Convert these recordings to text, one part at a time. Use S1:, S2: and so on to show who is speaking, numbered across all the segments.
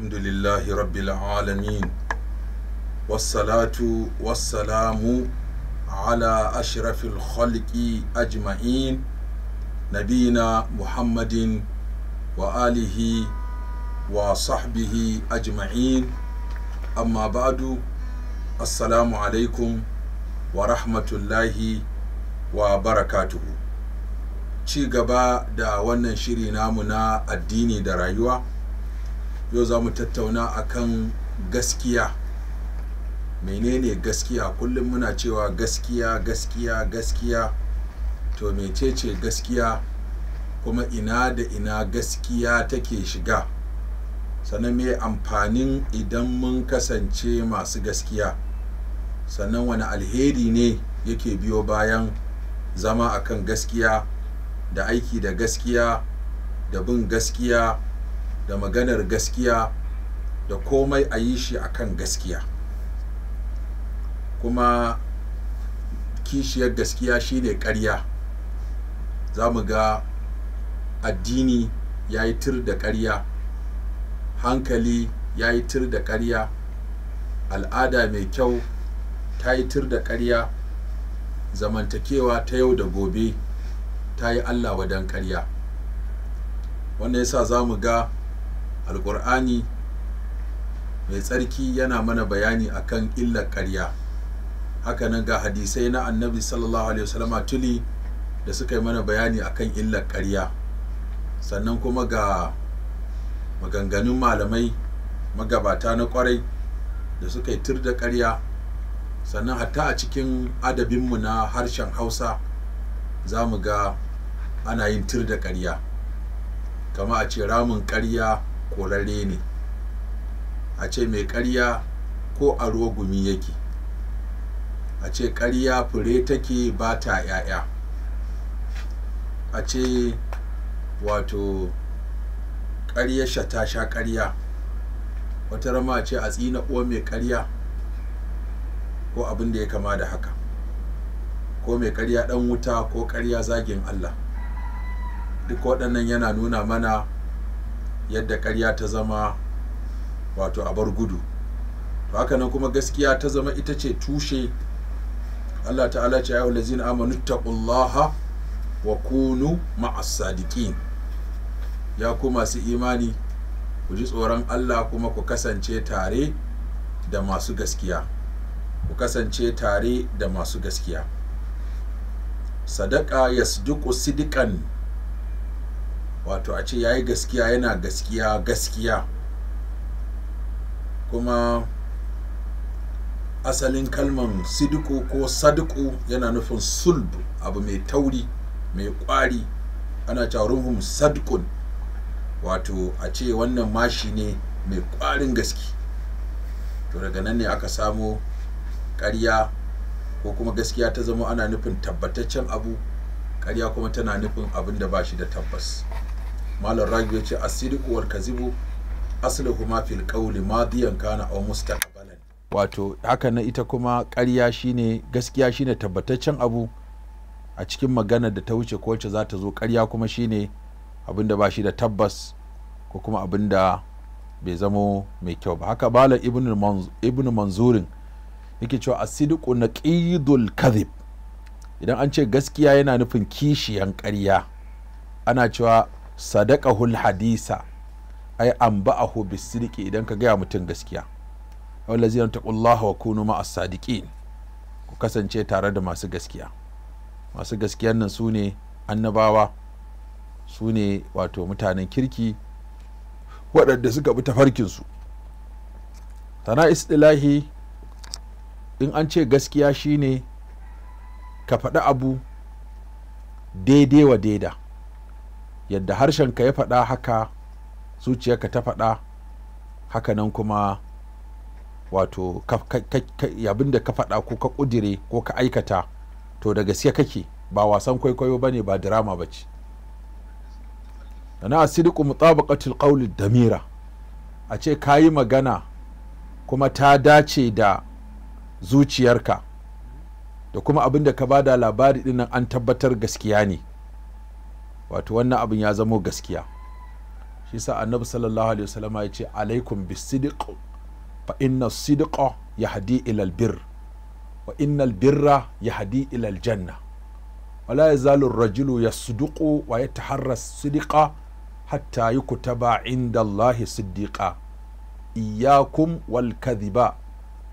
S1: الحمد لله رب العالمين والصلاة والسلام على أشرف الخلق أجمعين نبينا محمد وآله وصحبه أجمعين أما بعد السلام عليكم ورحمة الله وبركاته ci gaba da wannan shiri namu na addini da rayuwa yau za mu tattauna akan gaskiya menene gaskiya kullum muna cewa gaskiya gaskiya gaskiya to mecece gaskiya kuma ina da ina gaskiya take shiga sannan me amfanin idan mun kasance masu gaskiya sannan wani alheri ne yake biyo bayan zama akan gaskiya da aiki da gaskiya da bin gaskiya da maganar gaskiya da komai a yi shi akan gaskiya kuma kishiyar gaskiya shine ƙarya za mu ga addini ya yi tir da ƙarya hankali ya yi tir da ƙarya al'ada mai kyau ta yi tir da ƙarya zamantakewa ta yau da gobe ta yi allah wadan karya. wannan yasa za mu ga Alƙur'ani mai tsarki yana mana bayani akan illar ƙarya hakanan ga hadisai na annabi sallallahu alaihi wasallama tuli da suka yi mana bayani akan illar ƙarya sannan kuma ga maganganun malamai magabata na ƙwarai da suka yi tur da ƙarya sannan hatta a cikin adabinmu na harshen hausa za mu ga ana yin tur da ƙarya kama a ce ramin ƙarya korarre ne a ce mai ƙarya ko a rogumi yake a ce ƙarya fure take ba ta ‘ya'ya a ce wato ƙarya ta sha ƙarya wata rama ce a tsina uwa mai ƙarya ko abin da ya kama da haka ko mai ƙarya ɗan wuta ko ƙarya zagin allah duk waɗannan yana nuna mana yadda ƙarya ta zama wato a bar gudu to haka nan kuma gaskiya ta zama ita ce tushe Allah ta'ala ce ya wulazina amanu taqullaha wa kunu ma'as sadiqin ya ku masu imani ku ji tsoron Allah kuma ku kasance tare da masu gaskiya ku kasance tare da masu gaskiya sadaka yasduqu sidqan wato a ce ya yi gaskiya yana gaskiya gaskiya kuma asalin kalman sidiku ko sadiku yana nufin sulb abu mai tauri mai kwari ana cewa ruhum sadkun wato a ce wannan mashi ne mai kwarin gaske to daga nan ne aka samo ƙarya ko kuma gaskiya ta zama ana nufin tabbataccen abu ƙarya kuma tana nufin abin da ba shi da tabbas malam rabi ya ce asiriku wal kazibu asali kuma fil ma diyan kana a mustaqbalan wato haka na ita kuma ƙarya shine gaskiya shine tabbataccen abu a cikin magana da ta wuce ko wacce za ta zo ƙarya kuma shine abin da ba shi da tabbas ko kuma abin da bai zamo mai kyau ba haka bala ibn manzurin yake cewa asidiku na ƙidul kazib idan an ce gaskiya yana nufin kishiyan ƙarya ana cewa hul hadisa ai anba'ahu bisidiki idan ka gaya mutum gaskiya ta taqullaha wa kunu ma as-sadiqin ku kasance tare da masu gaskiya masu gaskiyan nan su ne annabawa su ne wato mutanen kirki waɗanda suka bi tafarkinsu tana istilahi in an ce gaskiya shine ka faɗi abu daidai wa daida yadda harshen ka ya faɗa haka zuciyarka ta faɗa haka nan kuma wato abin da ka faɗa ko ka ƙudire ko ka aikata to da gaske kake ba wasan kwaikwayo ba ne ba dirama ba ce na asidiku mutabaqatul qawli damira a ce ka yi magana kuma ta dace da zuciyarka da kuma abin da ka bada labari dinnan an tabbatar gaskiya ne wato wannan abin ya zamo gaskiya shi sa annabi sallallahu alaihi wasallam ya ce alaikum bisidiq fa inna sidqa yahdi ila albir wa inna albirra yahdi ila aljanna wala yazalu ar-rajulu yasduqu wa yataharra sidqa hatta yukutaba inda Allahi siddiqa iyyakum wal kadhiba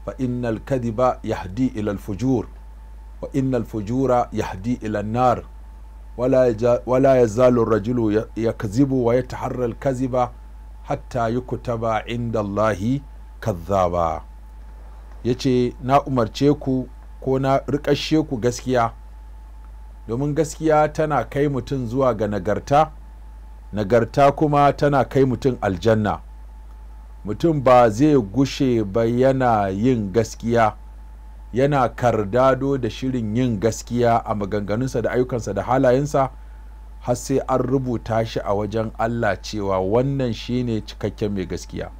S1: fa inna al-kadhiba yahdi ila al-fujur wa inna al-fujura yahdi ila an-nar wala ya zalo rajulu ya kazibu wa ya taharrar kaziba hatta yi kutaba inda Allahi kazzaba ya ce na umarce ku ko na rikashe ku gaskiya domin gaskiya tana kai mutum zuwa ga nagarta nagarta kuma tana kai mutum aljanna mutum ba zai gushe ba yana yin gaskiya yana kardado da shirin yin gaskiya a maganganunsa da ayyukansa da halayensa har sai an rubuta shi a wajen Allah cewa wannan shine cikakken mai gaskiya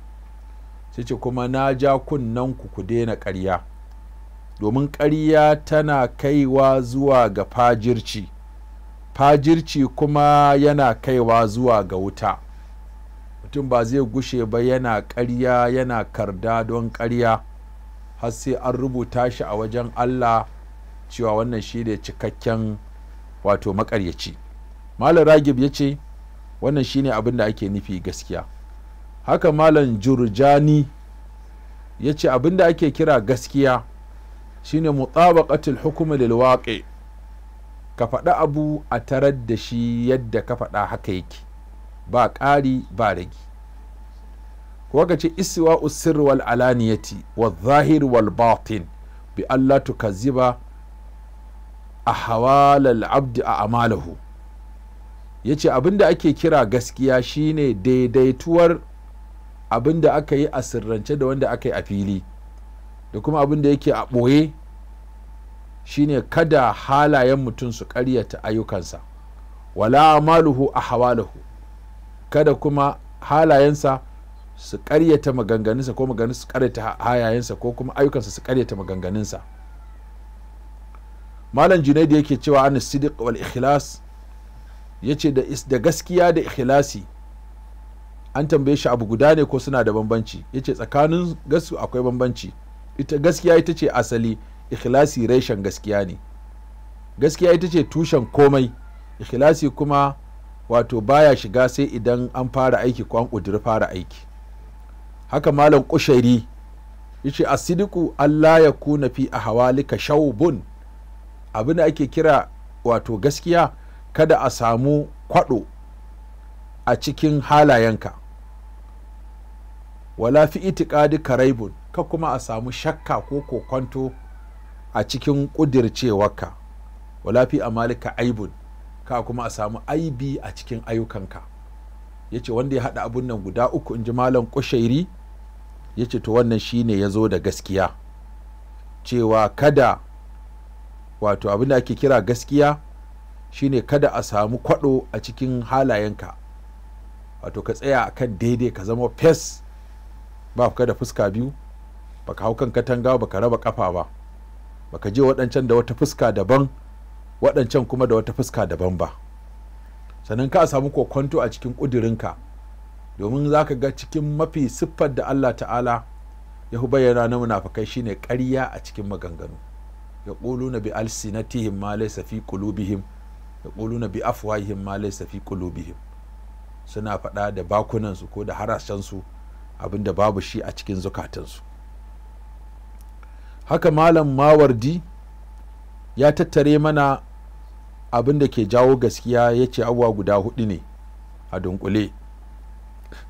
S1: sai ce kuma na ja kunnen ku ku daina ƙarya domin ƙarya tana kaiwa zuwa ga fajirci fajirci kuma yana kaiwa zuwa ga wuta mutum ba zai gushe ba yana ƙarya yana kardadon don ƙarya har sai an rubuta shi a wajen Allah cewa wannan shi ne cikakken wato makaryaci malam ragib ya ce wannan shi ne abin da ake nufi gaskiya haka malam jurjani ya ce abin da ake kira gaskiya shine ne hukumi lil lilwaƙe ka faɗa abu a tarar da shi yadda ka faɗa haka yake ba ƙari ba ragi ka ce isiwa usir wal alaniyati wa zahir wal batin bi Allah ziba a hawalar abdi a amalahu ya ce abinda ake kira gaskiya shine daidaituwar abinda aka yi a sirrance da wanda aka yi a fili da kuma abinda yake a ɓoye shine kada halayen mutum su ƙaryata ayyukansa wala amaluhu a hawalahu kada kuma halayensa su karyata maganganunsa ko maganin su karyata hayayensa ko kuma ayyukansa su karyata maganganunsa malam junaidi yake cewa an sidiq wal ikhlas yace da da gaskiya da ikhlasi an tambaye shi abu guda ne ko suna da bambanci yace tsakanin gasu akwai bambanci ita gaskiya ita ce asali ikhlasi reshen gaskiya ne gaskiya ita ce tushen komai ikhlasi kuma wato baya shiga sai idan an fara aiki ko an ƙudiri fara aiki haka malam kushairi yace asidiku Allah ya kuna fi ahwalika shaubun abin da ake kira wato gaskiya kada a samu kwaɗo a cikin halayenka wala fi itikadi karaibun ka kuma a samu shakka ko kokonto a cikin ƙudircewarka wala fi amalika aibun ka kuma a samu aibi a cikin ayyukanka ya ce wanda ya haɗa abun nan guda uku in ji malam kushairi ya ce to wannan shine ya zo da gaskiya cewa kada wato abin da ake kira gaskiya shine kada a samu kwaɗo a cikin halayenka wato ka tsaya a kan daidai ka zama fes ba ka da fuska biyu baka hau kan katanga baka raba kafa ba baka je waɗancan da wata fuska daban waɗancan kuma da wata fuska daban ba sannan ka samu kokwanto a cikin ƙudurinka domin za ka ga cikin mafi siffar da Allah ta'ala ya bayyana na munafukai shine ƙarya a cikin maganganu ya na bi alsinatihim ma laysa fi qulubihim ya na bi afwahihim ma laysa fi qulubihim suna faɗa da bakunansu ko da harashensu abinda babu shi a cikin zukatansu haka malam mawardi ya tattare mana abin da ke jawo gaskiya ya ce abubuwa guda hudu ne a dunkule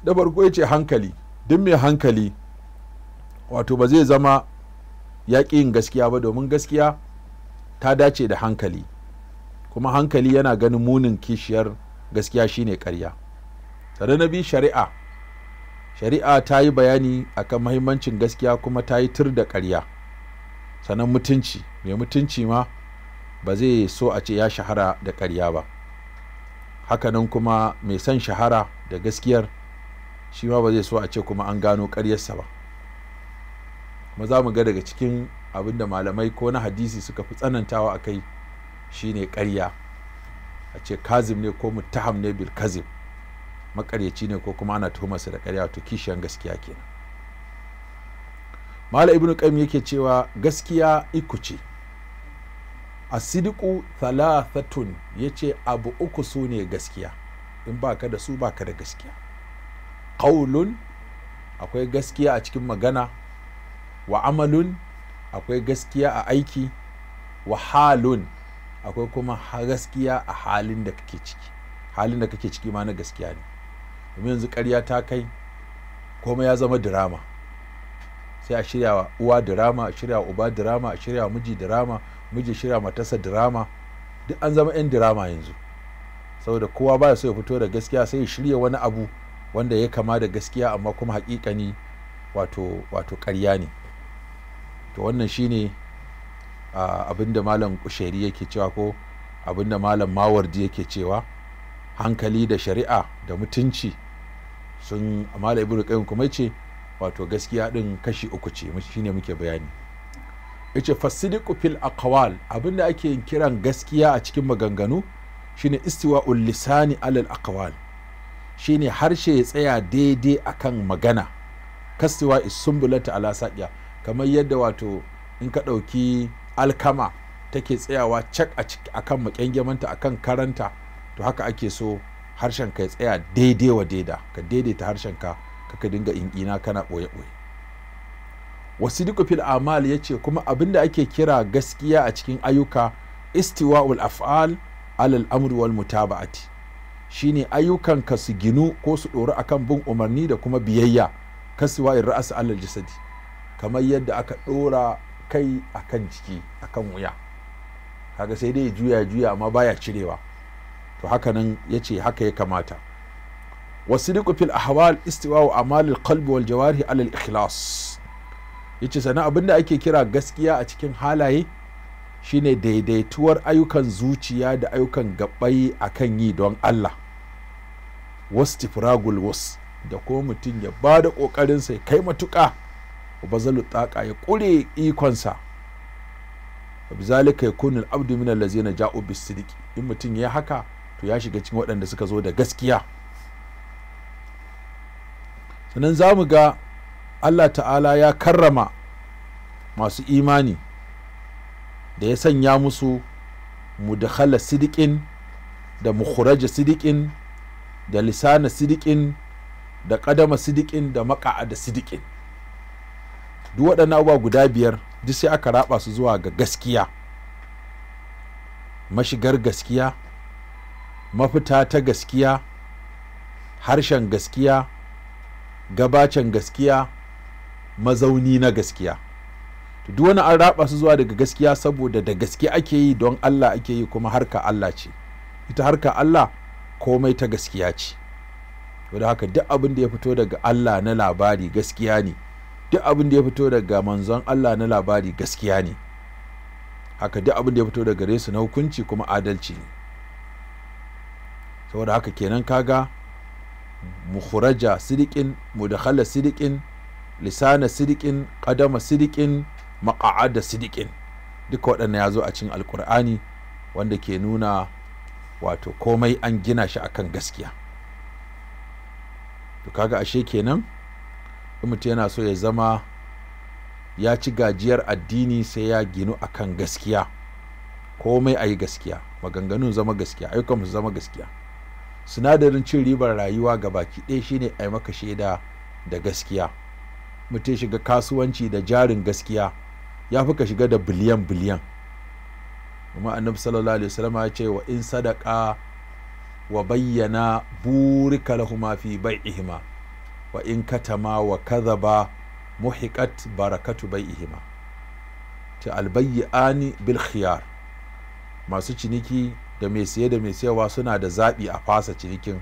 S1: da farko ya ce hankali duk mai hankali wato ba zai zama ya yin gaskiya ba domin gaskiya ta dace da hankali kuma hankali yana ganin munin kishiyar gaskiya shine karya tare na bi shari'a shari'a ta yi bayani akan mahimmancin gaskiya kuma ta yi tur da karya sannan mutunci mai mutunci ma ba zai so a ce ya shahara da karya ba hakanan kuma mai son shahara da gaskiyar shi ma ba zai so a ce kuma an gano ƙaryarsa ba kuma za mu ga daga cikin abin da malamai ko na hadisi suka fi tsanantawa a kai shi ne karya a ce kazim ne ko muttaham ne bil kazim makaryaci ne ko kuma ana tuhumarsa da karya to kishiyan gaskiya kenan Malam ibnu qayyim yake cewa gaskiya iku ce asidiku thalathatun yace abu uku sune gaskiya in baka da su baka da gaskiya Kaulun akwai gaskiya a cikin magana wa amalun akwai gaskiya a aiki wa halun akwai kuma gaskiya a halin da kake ciki halin da kake ciki ma na gaskiya ne domin yanzu karya ta kai komai ya zama dirama sai a shirya wa uwa dirama a shirya uba dirama a shirya miji dirama miji shirya matarsa dirama duk an zama 'yan dirama yanzu saboda kowa baya so ya fito da gaskiya sai ya shirya wani abu wanda ya kama da gaskiya amma kuma hakikani wato wato ƙarya ne to wannan shine abinda malam kusheri yake cewa ko abinda malam mawardi yake cewa hankali da shari'a da mutunci sun amala ibnu qayyim kuma ce wato gaskiya din kashi uku ce shine muke bayani yace fasidiqu fil aqwal abinda ake kiran gaskiya a cikin maganganu shine istiwa'ul lisani alal aqwal shine harshe ya tsaya daidai akan magana kastewa is sumbulata ala kamar yadda wato in ka ɗauki alkama take tsayawa cak a kan makyangyamanta akan karanta to haka ake so harshen ka ya tsaya daidai wa daida ka daidaita harshen ka kaka dinga ingina kana ɓoye ɓoye wasu fil amal ya ce kuma abin da ake kira gaskiya a cikin ayyuka istiwa'ul af'al alal amri wal mutaba'ati shine ayyukanka su ginu ko su ɗora akan bin umarni da kuma biyayya in ra'asa alal jasadi kamar yadda aka ɗora kai akan jiki akan wuya kaga sai dai juya juya amma baya cirewa to haka nan ya ce haka ya kamata wasu fil ahwal istiwa wa amalil wal jawari alal ikhlas yace sana abinda ake kira gaskiya a cikin halaye shine daidaituwar ayyukan zuciya da ayyukan gabai akan yi don Allah wastifragul was da kuma mutum ya ba da ƙoƙarinsa ya kai matuƙa bazalu taƙa ya ƙure ikonsa zalika ya kunin abdu min na ja'u bisidiki in mutum ya haka to ya shiga cikin waɗanda suka zo da gaskiya sannan za mu ga Allah ta'ala ya karrama masu imani da ya sanya musu mu mudakhala sidikin da mukhraja sidikin da lisana sidikin da kadama sidikin da maka'ada sidikin duk waɗannan abubuwa guda biyar duk sai aka raba su zuwa ga gaskiya mashigar gaskiya mafita ta gaskiya harshen gaskiya gabacin gaskiya mazauni na gaskiya duk wani an raba su zuwa daga gaskiya saboda da gaskiya ake yi don Allah ake yi kuma harka Allah ce ita harka Allah komai ta gaskiya ce to haka duk abin da ya fito daga Allah na labari gaskiya ne duk abin da ya fito daga manzon Allah na labari gaskiya ne haka duk abin da ya fito daga gare su na hukunci kuma adalci ne saboda haka kenan kaga mukhraja sidikin mudakhala sidikin lisana sidikin qadama sidikin da sidiƙin duka waɗanda ya zo a cikin alƙur'ani wanda ke nuna wato komai an gina shi akan gaskiya to kaga ashe kenan in mutum yana so ya zama ya ci gajiyar addini sai ya ginu akan gaskiya komai a yi gaskiya maganganun zama gaskiya ayyukan su zama gaskiya sinadarin cin ribar rayuwa ga baki ɗaya shine a maka shaida da gaskiya mutum shiga kasuwanci da jarin gaskiya ya fi ka shiga da biliyan biliyan kuma annabi sallallahu alaihi wasallam ya ce wa in sadaka wa bayyana burika lahuma fi bai'ihima wa in katama wa kadhaba muhiqat barakatu bai'ihima ta albayyani bil khiyar masu ciniki da mai siye da mai siyarwa suna da zaɓi a fasa cinikin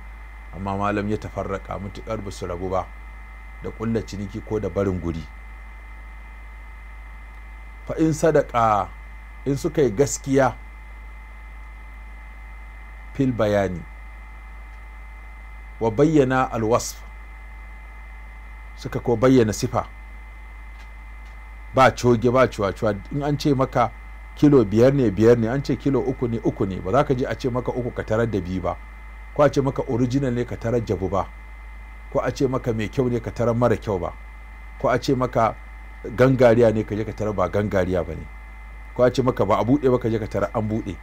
S1: amma malam ya tafarraka mutuƙar ba su rabu ba da ƙulla ciniki ko da barin guri fa in sadaka in suka yi gaskiya fil bayani wa bayyana alwasf suka ko bayyana sifa ba coge ba cuwa-cuwa in an ce maka kilo biyar ne biyar ne an ce kilo uku ne uku ne ba za ka je a ce maka uku ka tarar da biyu ba ko a ce maka original ne ka tarar jabu ba ko a ce maka mai kyau ne ka tarar mara kyau ba ko a ce maka gangariya ne ka je ka tara ba gangariya ba ne ko a ce maka ba a buɗe ba ka je ka tara an buɗe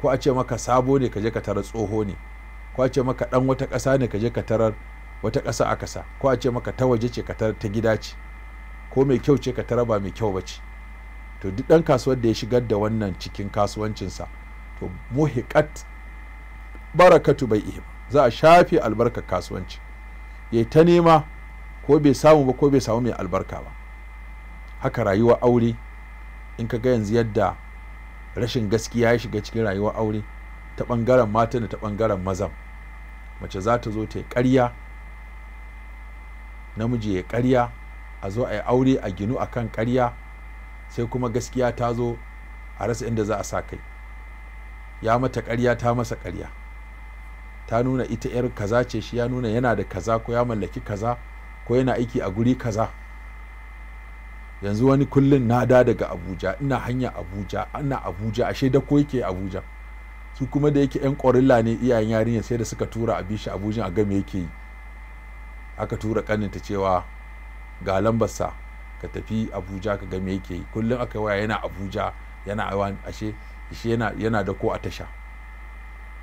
S1: ko a ce maka sabo ne ka je ka tara tsoho ne ko a ce maka ɗan wata ƙasa ne ka je ka tara wata ƙasa a ƙasa ko a ce maka ta waje ce ka tara ta gida ce ko mai kyau ce ka tara ba mai kyau ba ce to duk ɗan kasuwar da ya shigar da wannan cikin kasuwancinsa to muhikat barakatu bai ihim za a shafe albarkar kasuwanci ya ta nema ko bai samu ba ko bai samu mai albarka ba haka rayuwar aure in ka ga yanzu yadda rashin gaskiya ya shiga cikin rayuwar aure ta ɓangaren mata da ta ɓangaren mazan mace za ta zo ta yi ƙarya namiji ya karya a zo a yi aure a ginu a kan ƙarya sai kuma gaskiya ta zo a rasa inda za a sa kai ya mata karya ta masa karya ta nuna ita 'yar kaza ce shi ya nuna yana da kaza ko ya mallaki kaza ko yana aiki a guri kaza yanzu wani kullun na da daga abuja ina hanya abuja ana abuja ashe da ko yake abuja su kuma da yake yan ƙorilla ne iyayen yarinya sai da suka tura a bishi abuja a game yake yi aka tura ta cewa ga lambarsa ka tafi abuja ka game yake yi kullum aka waya yana abuja yana ashe ashe yana yana da ko a tasha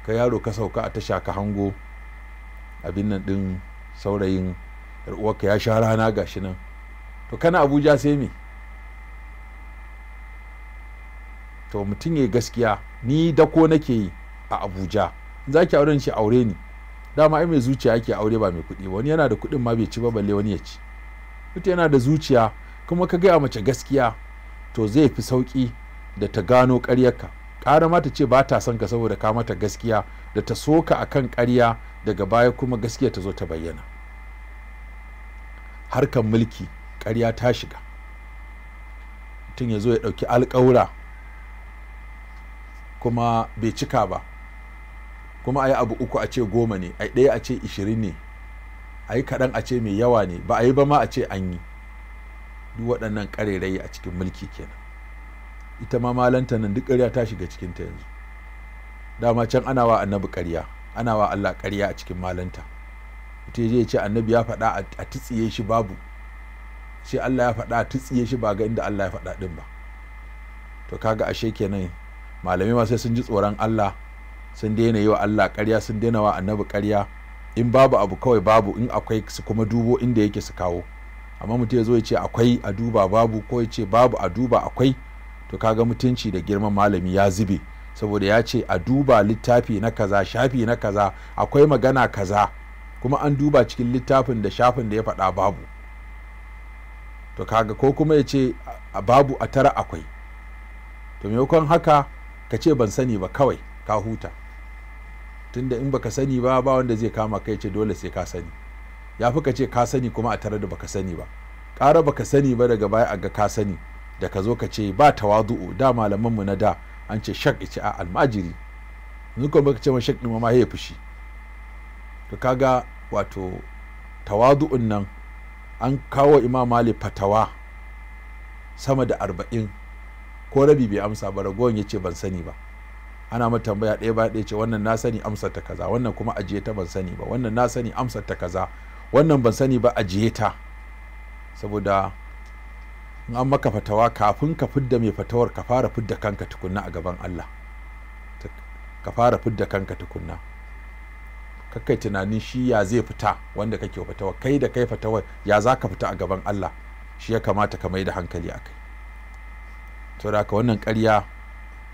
S1: ka yaro ka sauka a tasha ka hango abin nan din saurayin uwarka ya sha rana gashi nan to kana abuja sai me to mutum ya gaskiya ni da dako nake yi a abuja za ki auren shi aure ni dama ai mai zuciya yake aure ba mai kuɗi wani yana da kuɗin ma bai ci ba balle wani ya ci mutum yana da zuciya kuma ka gaya mace gaskiya to zai fi sauƙi da ta gano ƙaryarka ƙara ma ta ce ba ta son ka saboda ka mata gaskiya da ta soka a kan ƙarya daga baya kuma gaskiya ta zo ta bayyana harkan mulki ƙarya ta shiga mutum ya zo ya ɗauki alƙawura kuma bai cika ba kuma a yi abu uku a ce goma ne a ɗaya a ce ishirin ne a yi kaɗan a ce mai yawa ne ba a yi ba ma a ce an yi duk waɗannan ƙarerai a cikin mulki kenan ita ma malanta nan duk ƙarya ta shiga cikin ta yanzu dama can ana wa annabi ƙarya ana wa allah ƙarya a cikin malanta mutum ya ce annabi ya faɗa a titsiye shi babu shi Allah ya faɗa tsiye shi ba ga inda Allah ya faɗa ɗin ba to kaga ashe kenan malamai ma sai sun ji tsoron Allah sun daina yi wa Allah ƙarya sun daina wa annabi ƙarya in babu abu kawai babu in akwai su kuma dubo inda yake su kawo amma mutum ya zo ya ce akwai a duba babu ko ya ce babu a duba akwai to kaga mutunci da girman malami ya zube saboda ya ce a duba littafi na kaza shafi na kaza akwai magana kaza kuma an duba cikin littafin da shafin da ya faɗa babu to kaga ko kuma ya ce babu a tara akwai to maimakon haka ka ce ban sani ba kawai ka huta tunda in baka sani ba ba wanda zai kama kai ce dole sai ka sani ya fi ka ce ka sani kuma a tare da baka sani ba ƙara baka sani ba daga baya a ga ka sani da ka zo ka ce ba tawadu'u da mu na da an ce shak ice a almajiri yanzu kuma baka ce ma shak ɗin ma ya fushi to kaga wato tawadu'un nan an kawo imam malik fatawa sama da arba'in ko rabi bai amsa ba ragowar ya ce ban sani ba ana ma tambaya ɗaya ba ɗaya ce wannan na sani amsar ta kaza wannan kuma ajiye ta ban sani ba wannan na sani amsar ta kaza wannan ban sani ba ajiye ta saboda in an maka fatawa kafin ka fidda mai fatawar ka fara fidda kanka tukunna a gaban Allah ka fara fidda kanka tukunna kai tunanin shi ya zai fita wanda kake fitawa kai da kai wa ya za ka fita a gaban Allah shi ya kamata ka mai da hankali a kai to da wannan karya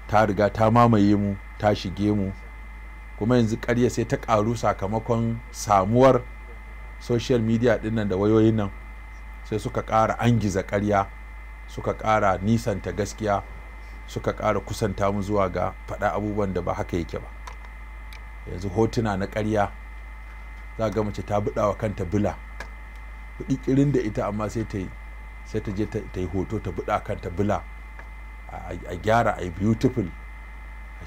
S1: ta riga ta mamaye mu ta shige mu kuma yanzu karya sai ta ƙaru sakamakon samuwar social media ɗin nan da wayoyin nan sai suka ƙara angiza karya suka ƙara nisanta gaskiya suka ƙara kusanta mu zuwa ga faɗa abubuwan da ba haka yake ba yanzu hotuna na ƙarya za ga mace ta buɗa wa kanta bila kuɗi kirin da ita amma sai ta sai ta je ta yi hoto ta buɗa kanta bila a gyara a yi beautiful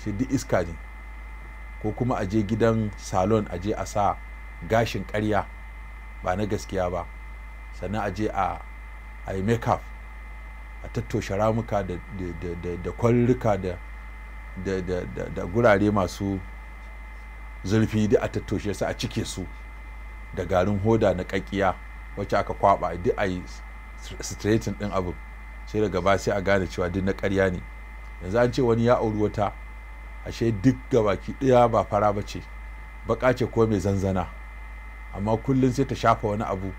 S1: shi duk iska ne ko kuma a je gidan salon a je a sa gashin ƙarya ba na gaskiya ba sannan a je a yi makeup a tattoshe ramuka da kwarurruka da gurare masu zurfi duk a tattoshe su a cike su da garin hoda na ƙaƙiya wacce aka kwaba duk a yi straightin din abu sai da gaba sai a gane cewa duk na karya ne yanzu an ce wani ya auri wata ashe duk gabaki ɗaya ba fara ba ce baƙa ce ko mai zanzana amma kullum sai ta shafa wani abu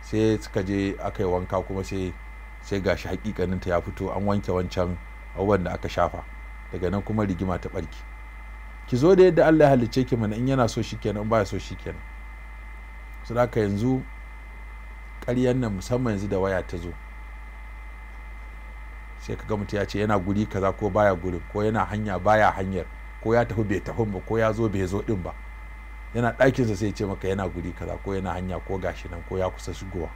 S1: sai suka je aka yi wanka kuma sai sai gashi hakikaninta ya fito an wanke wancan abubuwan da aka shafa daga nan kuma rigima ta ɓarki ki zo da yadda Allah ya halicce ki mana in yana so shikenan ba ya so shikenan su haka yanzu ƙaryan nan musamman yanzu da waya ta zo sai ka ga mutum ya ce yana guri kaza ko baya guri, ko yana hanya baya hanyar ko ya tafi bai tafi ba ko ya zo bai zo din ba yana ɗakinsa sai ya ce maka yana guri kaza ko yana hanya ko gashi nan ko ya kusa shigowa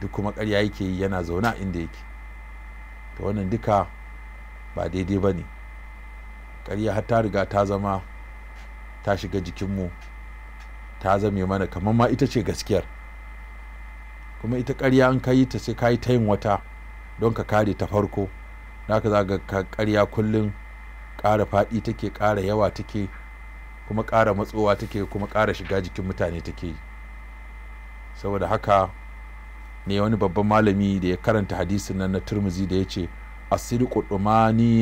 S1: duk kuma ƙarya yake yi yana zaune inda yake to wannan duka ba daidai ba ne ƙarya har ta riga ta zama ta shiga jikinmu ta zame mana kamar ma ita ce gaskiyar kuma ita ƙarya in ka yi ta sai ka yi ta yin wata don ka kare ta farko naka za ka ƙarya kullum ƙara faɗi take ƙara yawa take kuma ƙara matsowa take kuma ƙara shiga jikin mutane take yi saboda haka ne wani babban malami da ya karanta hadisin nan na turmuzi da ya ce asiri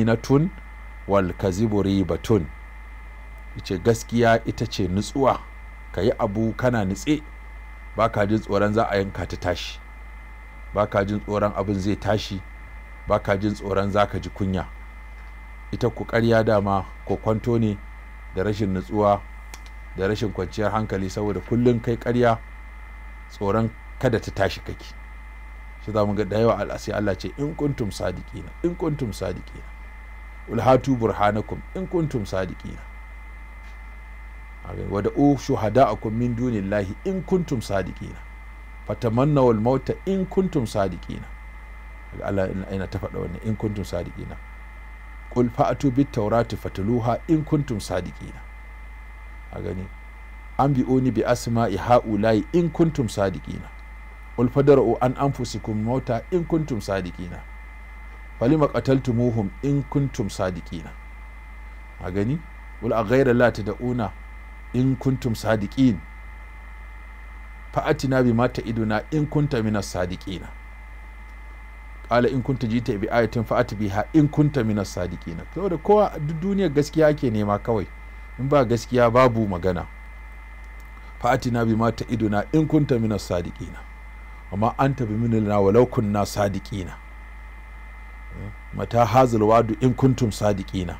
S1: na tun wal kaziburi ribatun ce gaskiya ita ce nutsuwa ka yi abu kana nutse ba ka jin tsoron za a yanka ta tashi ba ka jin tsoron abin zai tashi ba ka jin tsoron za ka ji kunya ita ku ƙarya dama ko kwanto ne da rashin nutsuwa da rashin kwanciyar hankali saboda kullum kai karya tsoron kada ta tashi kake shi za mu ga da yawa al'asi Allah ce in kuntum sadiqina in kuntum sadiqina ulhatu burhanakum in kuntum sadiqina wa da'u shuhada'akum min dunillahi in kuntum sadiqina fatamannaw al-mauta in kuntum sadiqina Allah ina ta faɗa wannan in kuntum sadiqina qul fa'atu bit tawrati fataluha in kuntum sadiqina a gani an oni bi asma'i ha'ula'i in kuntum sadiqina qul fadara'u an anfusikum mauta in kuntum sadiqina falima muhum in kuntum sadiqina a gani wal a lati da una in kuntum sadiqin fa atina mata iduna in kunta minas sadiqina qala in kunta jita bi ayatin fa ati biha in kunta minas sadiqina saboda kowa duniyar gaskiya ake nema kawai in ba gaskiya babu magana fa atina mata iduna in kunta minas sadiqina amma anta bi minna walau kunna sadiqina mata hazal wadu in kuntum sadiqina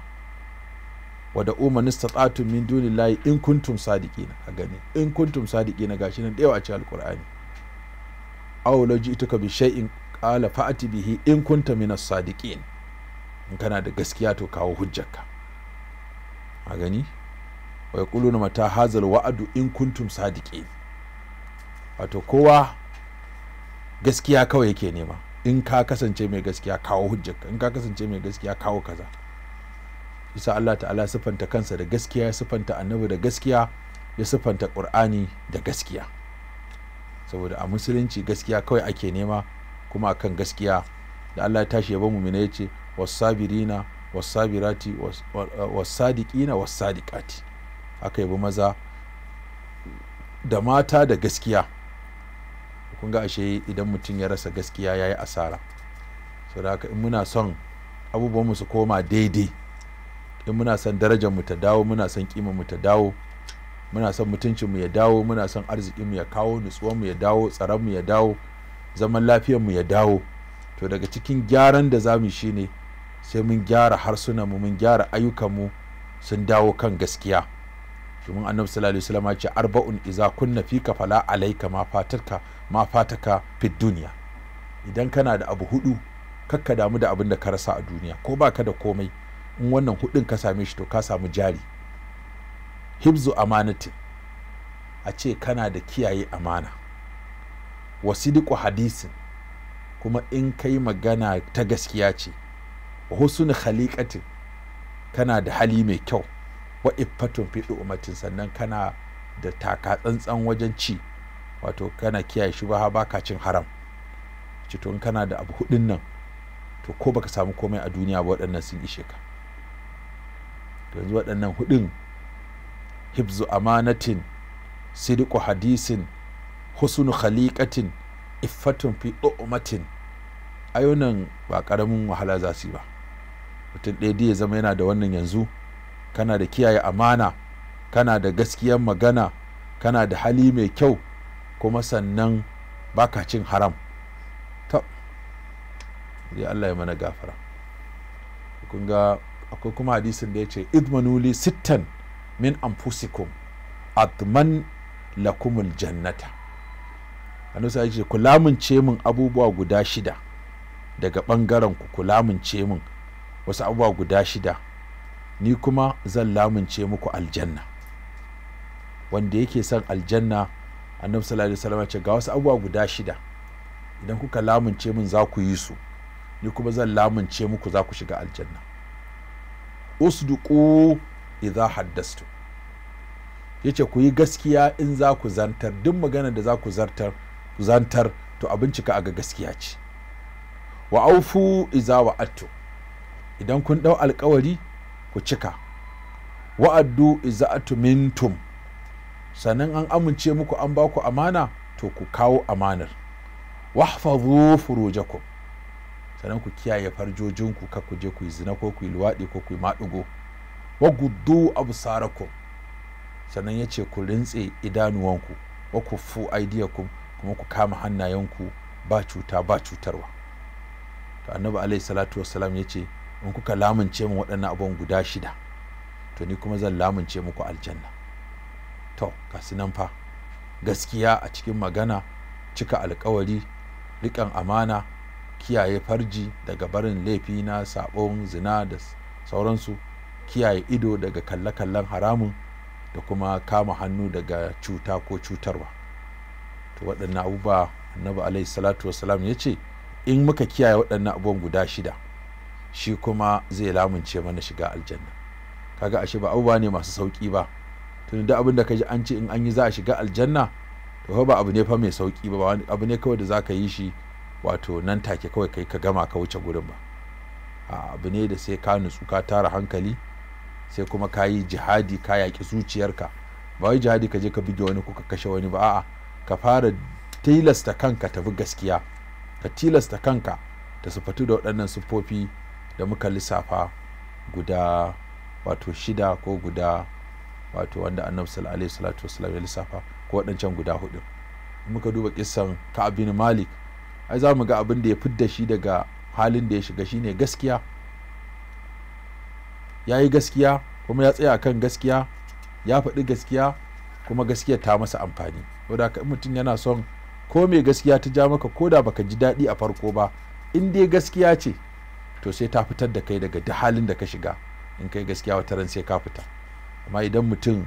S1: wa da umma nistata'tum min dunillahi in kuntum sadiqina a gani in kuntum sadiqina gashi nan da a cikin alqur'ani aw law ji'tuka bi shay'in qala fa'ati bihi in kunta as sadiqin in kana da gaskiya to kawo hujjarka a gani wa yaquluna mata hazal wa'du in kuntum sadiqin wato kowa gaskiya kawai yake nema in ka kasance mai gaskiya kawo hujjarka in ka kasance mai gaskiya kawo kaza isa Allah ta'ala siffanta kansa da gaskiya ya siffanta annabi da gaskiya ya siffanta qur'ani da gaskiya saboda a musulunci gaskiya kawai ake nema kuma akan gaskiya da Allah ya tashi ya ba mu'mina yace wasabirina wasabirati wasadiqina wasadiqati aka yabi maza da mata da gaskiya kun ga ashe idan mutum ya rasa gaskiya ya yi asara so da haka in muna son abubuwanmu su koma daidai in muna son darajar mu ta dawo muna son kima mu ta dawo muna son mutuncin mu ya dawo muna son arzikin mu ya kawo nutsuwan mu ya dawo tsaron mu ya dawo zaman lafiyar mu ya dawo to daga cikin gyaran da zamu ne, sai mun gyara harsunan mu mun gyara ayyukan mu sun dawo kan gaskiya domin annabi sallallahu alaihi wasallam ya ce arba'un iza kunna fika fala alayka ma fatarka ma fataka fit duniya idan kana da abu hudu kakka damu da abin da ka rasa a duniya ko baka da komai in wannan hudun ka same shi to ka samu jari hibzu amanatin a ce kana da kiyaye amana wasidiku hadisin kuma in kai magana ta gaskiya ce wa husnul khaliqatin kana da hali mai kyau wa iffatun fi umatin sannan kana da taka tsantsan wajen ci wato kana kiyaye shi ba baka cin haram ci to in kana da abu hudun nan to ko baka samu komai a duniya ba waɗannan sun ishe ka to yanzu waɗannan hudun hibzu amanatin sidiku hadisin husnu khaliqatin iffatun fi umatin ayonan ba karamin wahala za su yi ba mutum ɗaya ya zama yana da wannan yanzu kana da kiyaye amana kana da gaskiyar magana kana da hali mai kyau kuma sannan baka cin haram ta ya Allah ya mana gafara kun ga akwai kuma hadisin da ya ce idmanuli sittan min anfusikum atman lakumul jannata annabi sai ce ku lamunce min abubuwa guda shida daga bangaren ku ku lamunce min wasu abubuwa guda shida ni kuma zan lamunce muku aljanna wanda yake son aljanna annabi sallallahu alaihi wasallam ce ga wasu abubuwa guda shida idan kuka lamunce mun za ku yi su ni kuma zan lamunce muku za ku shiga aljanna usduqu idza haddastu yace ku yi gaskiya in za ku zantar duk magana da za ku zartar zantar to abin bincika a ga gaskiya ce wa aufu idza idan kun dau alkawari ku cika wa'addu idza atumintum sannan an amince muku an baku amana to ku kawo amanar wahfazu furujakum sannan ku kiyaye farjojinku ka ku je ku yi zina ko ku yi luwaɗi ko ku yi maɗugo wa guddu absarakum sannan ya ku rintse idanuwanku wa ku fu aidiyakum kuma ku kama hannayenku ba cuta ba cutarwa to annabi alayhi salatu wassalam ya in kuka lamunce mu waɗannan abubuwan guda shida to ni kuma zan lamunce muku aljanna to nan fa gaskiya a cikin magana cika alkawari rikan amana kiyaye farji daga barin laifi na sabon zina da sauransu kiyaye ido daga kalle-kallen haramun da kuma kama hannu daga cuta ko cutarwa to waɗannan abubuwa annabi alaihi salatu wasalam ya ce in muka kiyaye waɗannan abubuwan guda shida shi kuma zai lamunce mana shiga aljanna kaga ashe ba abubuwa ne masu sauƙi ba tun da abin da ka ji an ce in an yi za a shiga aljanna to ba abu ne fa mai sauki ba wani abu ne kawai da za ka yi shi wato nan take kawai kai ka gama ka wuce gurin ba abu ne da sai ka nutsu ka tara hankali sai kuma ka yi jihadi ka yaƙi zuciyarka ba wai jihadi ka je ka buge wani ko ka kashe wani ba a'a ka fara tilasta kanka tafi gaskiya ka tilasta kanka ta sufatu da waɗannan siffofi da muka lissafa guda wato shida ko guda wato wanda annabi sallallahu alaihi wasallam ya lissafa ko waɗancan guda hudu muka duba kissan ka'ab bin malik ai za mu ga abin da ya fidda shi daga halin da ya shiga shine gaskiya ya yi gaskiya kuma ya tsaya kan gaskiya ya faɗi gaskiya kuma gaskiya ta masa amfani wadda ka mutum yana son ko mai gaskiya ta ja maka ko da baka ji daɗi a farko ba in dai gaskiya ce to sai ta fitar da kai daga halin da ka shiga in kai gaskiya wata ran sai ka fita amma idan mutum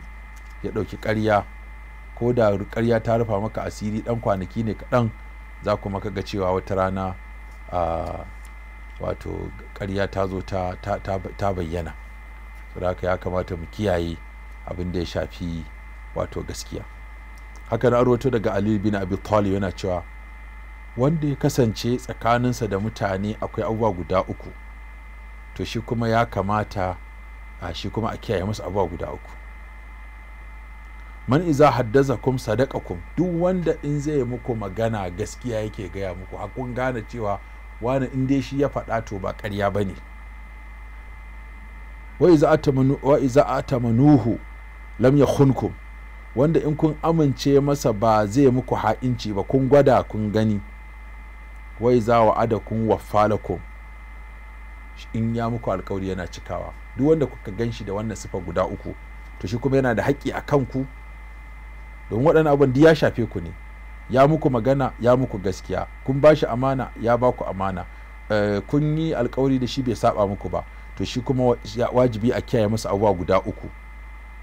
S1: ya ɗauki ƙarya ko da ƙarya ta rufa maka asiri ɗan kwanaki ne kaɗan za kuma maka ga cewa wata rana wato ƙarya ta zo ta bayyana saboda ya kamata mu kiyaye abin da ya shafi wato gaskiya haka na arwato daga aliyu bin abi talib yana cewa wanda ya kasance tsakaninsa da mutane akwai abubuwa guda uku to shi kuma ya kamata a shi kuma a kiyaye musu abuwa guda uku man iza haddaza kum sadaka kum duk wanda in zai muku magana gaskiya yake gaya muku hakun gane cewa wani in dai shi ya faɗa to ba karya ba ne wa iza atamanuhu lam ya hunkum wanda in kun amince masa ba zai muku ha'inci ba kun gwada kun gani wai za wa adakun wafalakum in ya muku alkawari yana cikawa duk wanda kuka gan shi da wannan sifa guda uku to shi kuma yana da haƙƙi a kanku don waɗannan abin ya shafe ku ne ya muku magana ya muku gaskiya kun ba shi amana ya ba ku amana eh, kun yi alkawari da shi bai saba muku ba to shi kuma wajibi a kiyaye masa abubuwa guda uku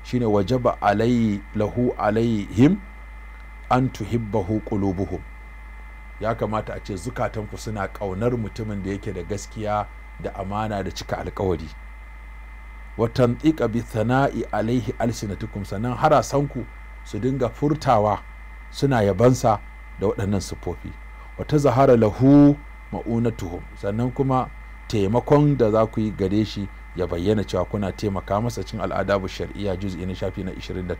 S1: shine wajaba alai lahu alaihim an tuhibbahu qulubuhum ya kamata a ce zukatanku suna ƙaunar mutumin da yake da gaskiya da amana da cika alkawari watan tsika bi sana'i alaihi alsinatukum sannan harasanku su dinga furtawa suna yabansa da waɗannan siffofi wata zahara lahu ma'unatuhum sannan kuma taimakon da za ku yi gare shi ya bayyana cewa kuna taimaka masa cin al'adabu shari'a juz'i na shafi na 29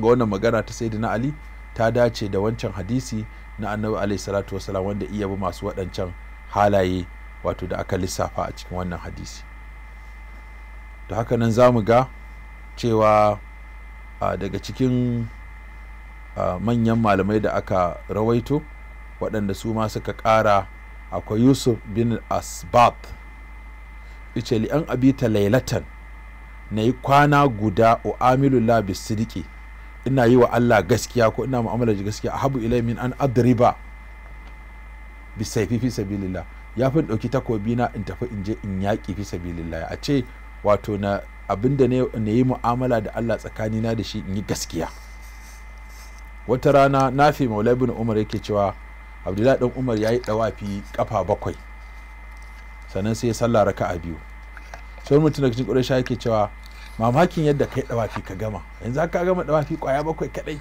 S1: ga wannan magana ta sai na ali ta dace da wancan hadisi na annabi alaihi salatu wasalam wanda iya bi masu waɗancan halaye wato da aka lissafa a cikin wannan hadisi to haka nan za mu ga cewa daga cikin manyan malamai da aka rawaito waɗanda su ma suka ƙara akwai yusuf bin asbat ita li'an an abita lailatan na yi kwana guda o amilu labis sidiki ina yi wa allah gaskiya ko ina mu'amala gaskiya a habu ilai min an adriba bisai fi sabilillah ya fi ɗauki takobi na in tafi in je in yaƙi fi sabilillahi a ce wato na abinda na yi mu'amala da Allah tsakanina da shi in yi gaskiya wata rana fi maulai bin umar yake cewa abdullahi ɗan umar ya yi ɗawafi ƙafa bakwai sannan sai ya sallah raka a biyu sai mutum da cikin ƙurashi yake cewa mamakin yadda kai ɗawafi ka gama yanzu ka gama ɗawafi ƙwaya bakwai kaɗai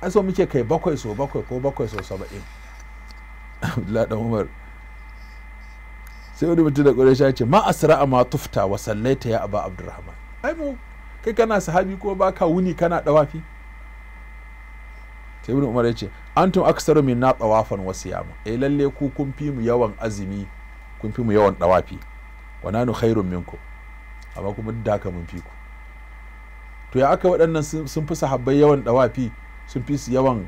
S1: an so muke kai bakwai so bakwai ko bakwai so saba'in abdullahi ɗan umar sai wani mutum da ƙwarai ya ce ma asra'a ma tufta wa sallaita ya aba abdurrahman ai mu kai kana sahabi ba baka wuni kana dawafi sai ibn umar ya ce antum aksaru min na tawafan wa siyama eh lalle ku kun fi mu yawan azumi kun fi mu yawan dawafi wa nanu khairun minkum amma kuma duk haka mun fi ku to ya aka waɗannan sun fi sahabbai yawan dawafi sun fi su yawan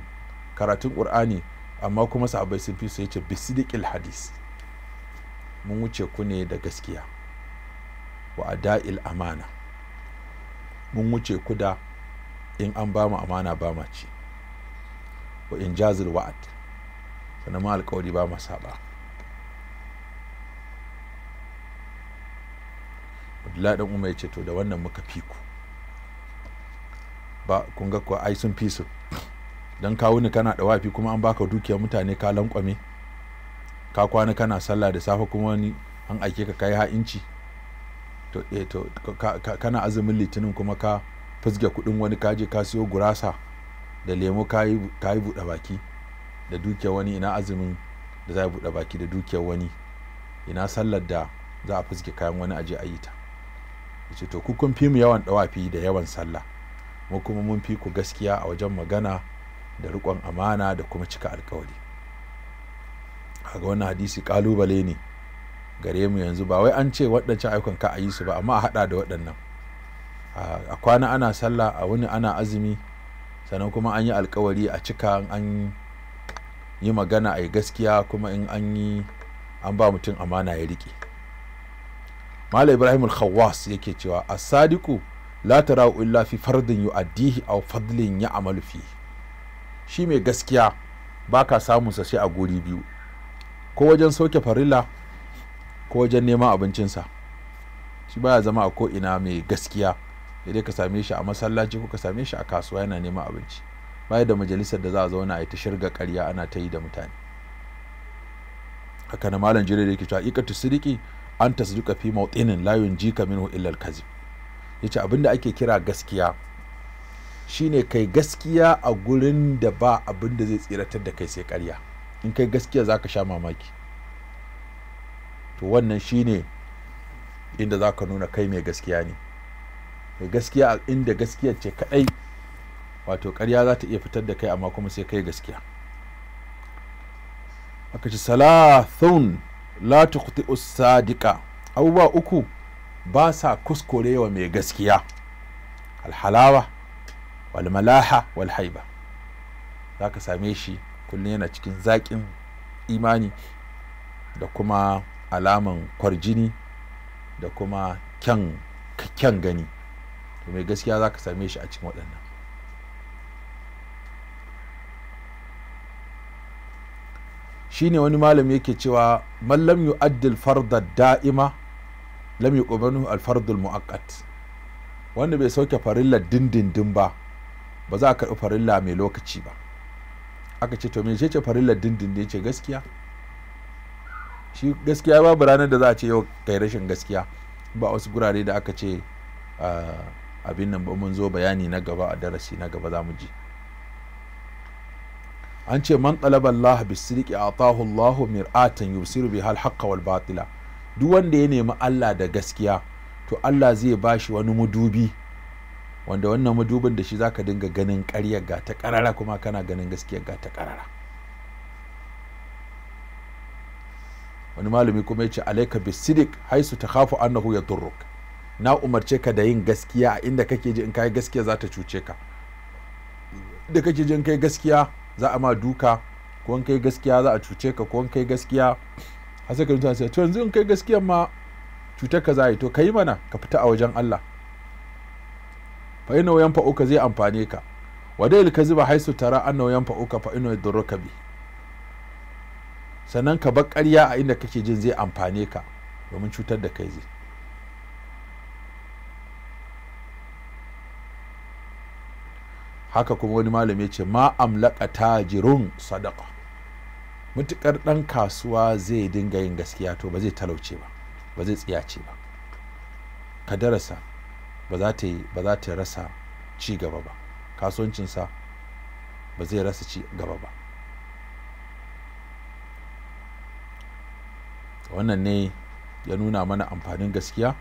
S1: karatun qur'ani amma kuma sahabbai sun fi su yace bisidiqil hadis mun wuce ku ne da gaskiya wa ada'il amana mun wuce ku da in an ba mu amana ba ma ci wa in jazil wa'ad sannan ma alkawari ba ma saba abdullahi dan umar ya ce to da wannan muka fi ku ba kun ga ko ai sun fi su dan kawo ni kana da wafi kuma an baka dukiyar mutane ka lankwame ka kwana kana sallah da safe kuma wani an aike ka kai ha'inci to eh to kana azumin litinin kuma ka fusge kudin wani ka je ka siyo gurasa da lemo ka yi buɗe baki da dukiyar wani ina azumin da za a buɗe baki da dukiyar wani ina sallar da za a fuske kayan wani aje a yi ta yace to ku kun fi mu yawan dawafi da yawan sallah mu kuma mun fi ku gaskiya a wajen magana da riƙon amana da kuma cika alkawari kaga wannan hadisi kalubale ne gare mu yanzu ba wai an ce waɗancan ayyukan ka a yi su ba amma a haɗa da waɗannan a kwana ana sallah a wani ana azumi sannan kuma an yi alkawari a cika an yi magana a yi gaskiya kuma in an yi an ba mutum amana ya riƙe malam ibrahim al yake cewa a sadiku la ta illa fi fardin addihi a fadlin ya fi shi mai gaskiya baka samun sa sai a guri biyu ko wajen soke farilla ko wajen neman abincinsa shi baya zama a ko'ina mai gaskiya Idai ka same shi a masallaci ko ka same shi a kasuwa yana neman abinci baya da majalisar da za a zauna a yi ta shirga karya ana ta yi da mutane haka na malam jire da yake cewa ikatu sidiki an tasduqa fi mawtinin la yunjika minhu illar kazi. Ya ce abinda ake kira gaskiya shine kai gaskiya a gurin da ba abin da zai tsiratar da kai sai karya in kai gaskiya za ka sha mamaki to wannan shi ne inda za ka nuna kai mai gaskiya ne mai gaskiya inda gaskiya ce kadai wato karya za ta iya fitar da kai amma kuma sai kai gaskiya aka ce salathun la tukhti usadika abubuwa uku ba sa kuskurewa mai gaskiya alhalawa walmalaha walhaiba za ka same shi kullum yana cikin zaƙin imani da kuma alaman kwarjini da kuma kyan gani to mai gaskiya za ka same shi a cikin waɗannan shi ne wani malam yake cewa mallam yu addil fardar da'ima lam yi ƙobanu alfardul mu'akkat wanda bai sauke Farilla dindindin ba ba za a karɓi farilla mai lokaci ba aka ce to mece ce farillar dindindin ce gaskiya shi gaskiya babu ranar da za a ce yau kai rashin gaskiya ba wasu gurare da aka ce ah, abin nan ba mun zo bayani na gaba a darasi na gaba za mu ji an ce man talaba Allah bisiriki atahu Allah mir'atan yusiru hal haqqa wal batila duk wanda ya nemi Allah da gaskiya to Allah zai bashi wani mudubi wanda wannan madubin da shi za ka dinga ganin ƙaryar ga ta ƙarara kuma kana ganin gaskiyar ga ta ƙarara wani malami kuma ya ce alaika bisidik haisu ta hafu annahu ya turruk na umarce ka da yin gaskiya a inda kake ji in kai gaskiya za ta cuce ka da kake ji in kai gaskiya za a ma duka ko in kai gaskiya za a cuce ka ko in kai gaskiya har sai ka to yanzu in kai gaskiya ma cutar ka za a yi to ka yi mana ka fita a wajen Allah fa ina yan fa'uka zai amfane ka wa dai ka zuba haisu tara an yan fa'uka fa ina roka bi sannan ka bar ƙarya a inda kake jin zai amfane ka domin cutar da kai zai haka kuma wani malami ce ma amlaka tajirun sadaka mutukar ɗan kasuwa zai dinga yin gaskiya to ba zai talauce ba ba zai tsiyace ba ka darasa ba za ta yi ba za ta rasa ci gaba ba kasuwancinsa ba zai rasa ci gaba ba wannan ne ya nuna mana amfanin gaskiya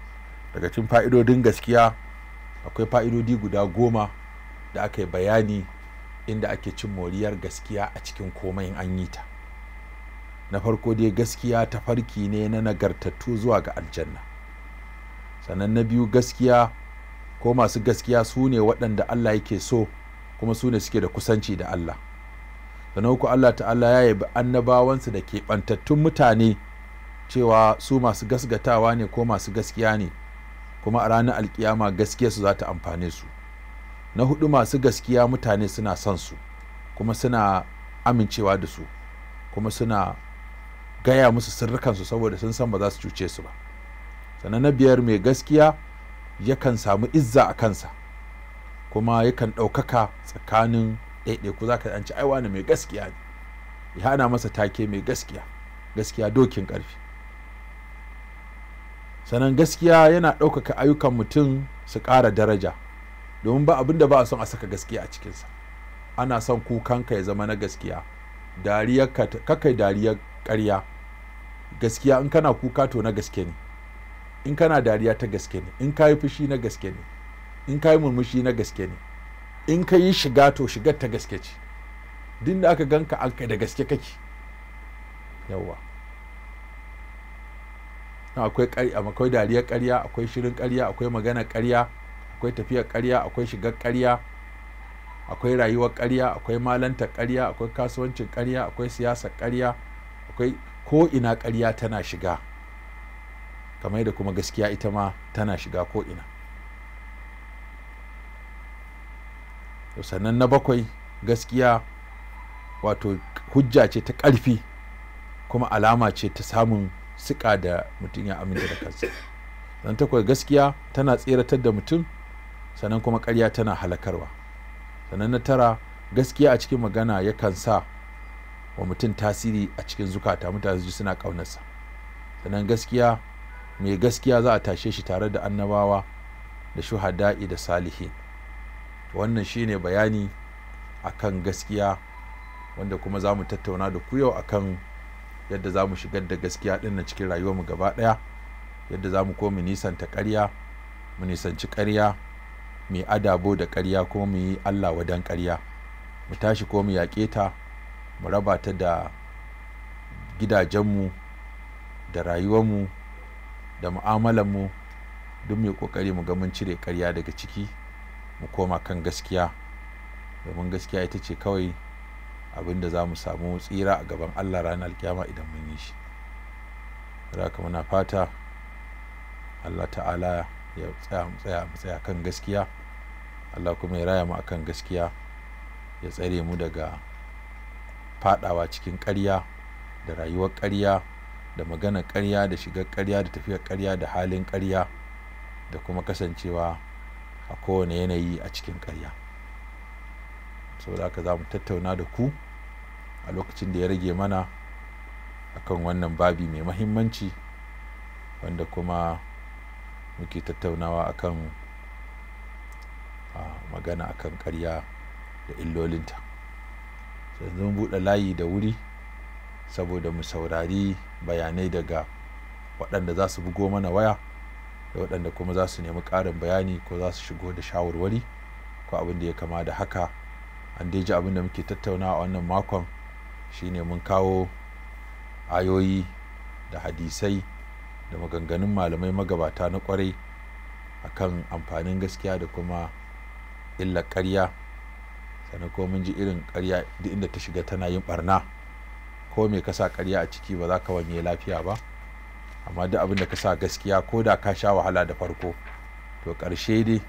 S1: daga cikin fa'idodin gaskiya akwai fa'idodi guda goma da aka yi bayani inda ake cin moriyar gaskiya a cikin komai an yi ta na farko dai gaskiya ta farki ne na nagartattu zuwa ga aljanna sannan na biyu gaskiya ko masu gaskiya su ne waɗanda Allah yake so kuma su ne suke da kusanci da Allah sannan uku Allah ta'ala ya yabi annabawansu da keɓantattun mutane cewa su masu gasgatawa ne ko masu gaskiya ne kuma a ranar alkiyama gaskiya su za ta amfane su na hudu masu gaskiya mutane suna son su kuma suna amincewa da su kuma suna gaya musu sirrikansu saboda sun san ba za su cuce su ba sannan na biyar mai gaskiya yakan samu izza a kansa kuma yakan ɗaukaka tsakanin ɗaiɗaiku za ka an ci aiwa mai gaskiya ne ya hana masa take mai gaskiya gaskiya dokin ƙarfi sannan gaskiya yana ɗaukaka ayyukan mutum su ƙara daraja domin ba abin da ba a son a saka gaskiya a cikinsa ana son kukanka ya zama na gaskiya dariyar kakai dariyar ƙarya gaskiya in kana kuka to na gaske ne in kana dariya ta gaske ne in kayi fushi na gaske ne in kayi murmushi na gaske ne in ka yi shiga to shigar ta gaske ce din da aka ganka an kai da gaske kake yawwa akwai akwai dariyar ƙarya akwai shirin ƙarya akwai magana ƙarya akwai tafiyar ƙarya akwai shigar ƙarya akwai rayuwar ƙarya akwai malanta ƙarya akwai kasuwancin ƙarya akwai siyasar ƙarya akwai ko ina ƙarya tana shiga kamar da kuma gaskiya ita ma tana shiga ko'ina sannan na bakwai gaskiya wato hujja ce ta ƙarfi kuma alama ce ta samun siƙa da mutum ya aminta da kansa don takwai gaskiya tana tseratar da mutum sannan kuma ƙarya tana halakarwa sannan na tara gaskiya a cikin magana yakan sa wa mutum tasiri a cikin zukata mutane suna ƙaunarsa sannan gaskiya mai gaskiya za a tashe shi tare da annabawa da shuhada'i da salihin wannan shine bayani akan gaskiya wanda kuma za mu tattauna da ku yau akan yadda za mu shigar da gaskiya ɗin na cikin rayuwarmu gaba ɗaya yadda za mu ko mu nisanta karya, mu nisanci karya, mu adabo da karya, ko mu yi allah wadan karya. mu tashi ko mu yaƙe ta mu raba ta da gidajenmu da rayuwar mu. da mu'amalanmu duk mai kokari mu ga mun cire karya daga ciki mu koma kan gaskiya domin gaskiya ita ce kawai abin da za mu samu tsira a gaban allah rana alkyama idan mun yi shi Raka muna fata allah ta'ala ya tsaya tsaya tsaya kan gaskiya allah kuma ya raya mu akan gaskiya ya tsare mu daga fadawa cikin ƙarya da rayuwar ƙarya da magana karya, da shiga karya, da tafiyar karya, da halin ƙarya da kuma kasancewa a kowane yanayi a cikin ƙarya saboda haka za mu tattauna da ku a lokacin da ya rage mana akan wannan babi mai mahimmanci wanda kuma muke tattaunawa akan magana akan karya da illolinta yanzu mun buɗe layi da wuri saboda mu saurari bayanai daga waɗanda za su bugo mana waya da waɗanda kuma za su nemi ƙarin bayani ko za su shigo da shawarwari ko abin da ya kama da haka an dai abin da muke tattauna a wannan makon shine mun kawo ayoyi da hadisai da maganganun malamai magabata na kwarai kan amfanin gaskiya da kuma illa ƙarya sannan kuma mun ji irin ƙarya duk inda ta shiga tana yin barna ko me ka sa ƙarya a ciki ba za ka wanye lafiya ba amma duk abin da ka sa gaskiya ko da ka sha wahala da farko to ƙarshe dai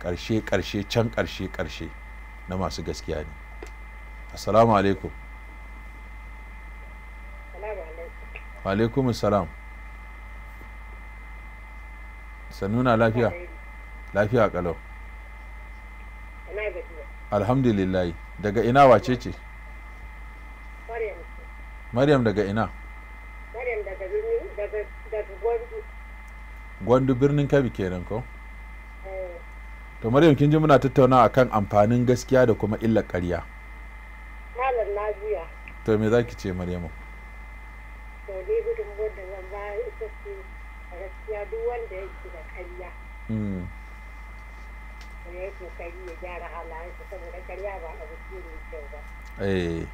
S1: ƙarshe ƙarshe can ƙarshe ƙarshe na masu gaskiya ne assalamu alaikum wa alaikum salam sannuna lafiya lafiya kalau alhamdulillah daga ina wace ce Maryam daga ina?
S2: Maryam daga birni daga daga Gwandu.
S1: Gwandu birnin Kebbi kenan ko? Eh. To Maryam kin ji muna tattauna akan amfanin gaskiya da kuma illa ƙarya.
S2: Malam na jiya.
S1: To me za ki ce Maryam?
S2: To dai gudun da zan ba ita ce gaskiya duk wanda yake da ƙarya. Hmm. Ya yi kokari ya gyara halayensa saboda ƙarya ba abu ne kyau ba.
S1: Eh.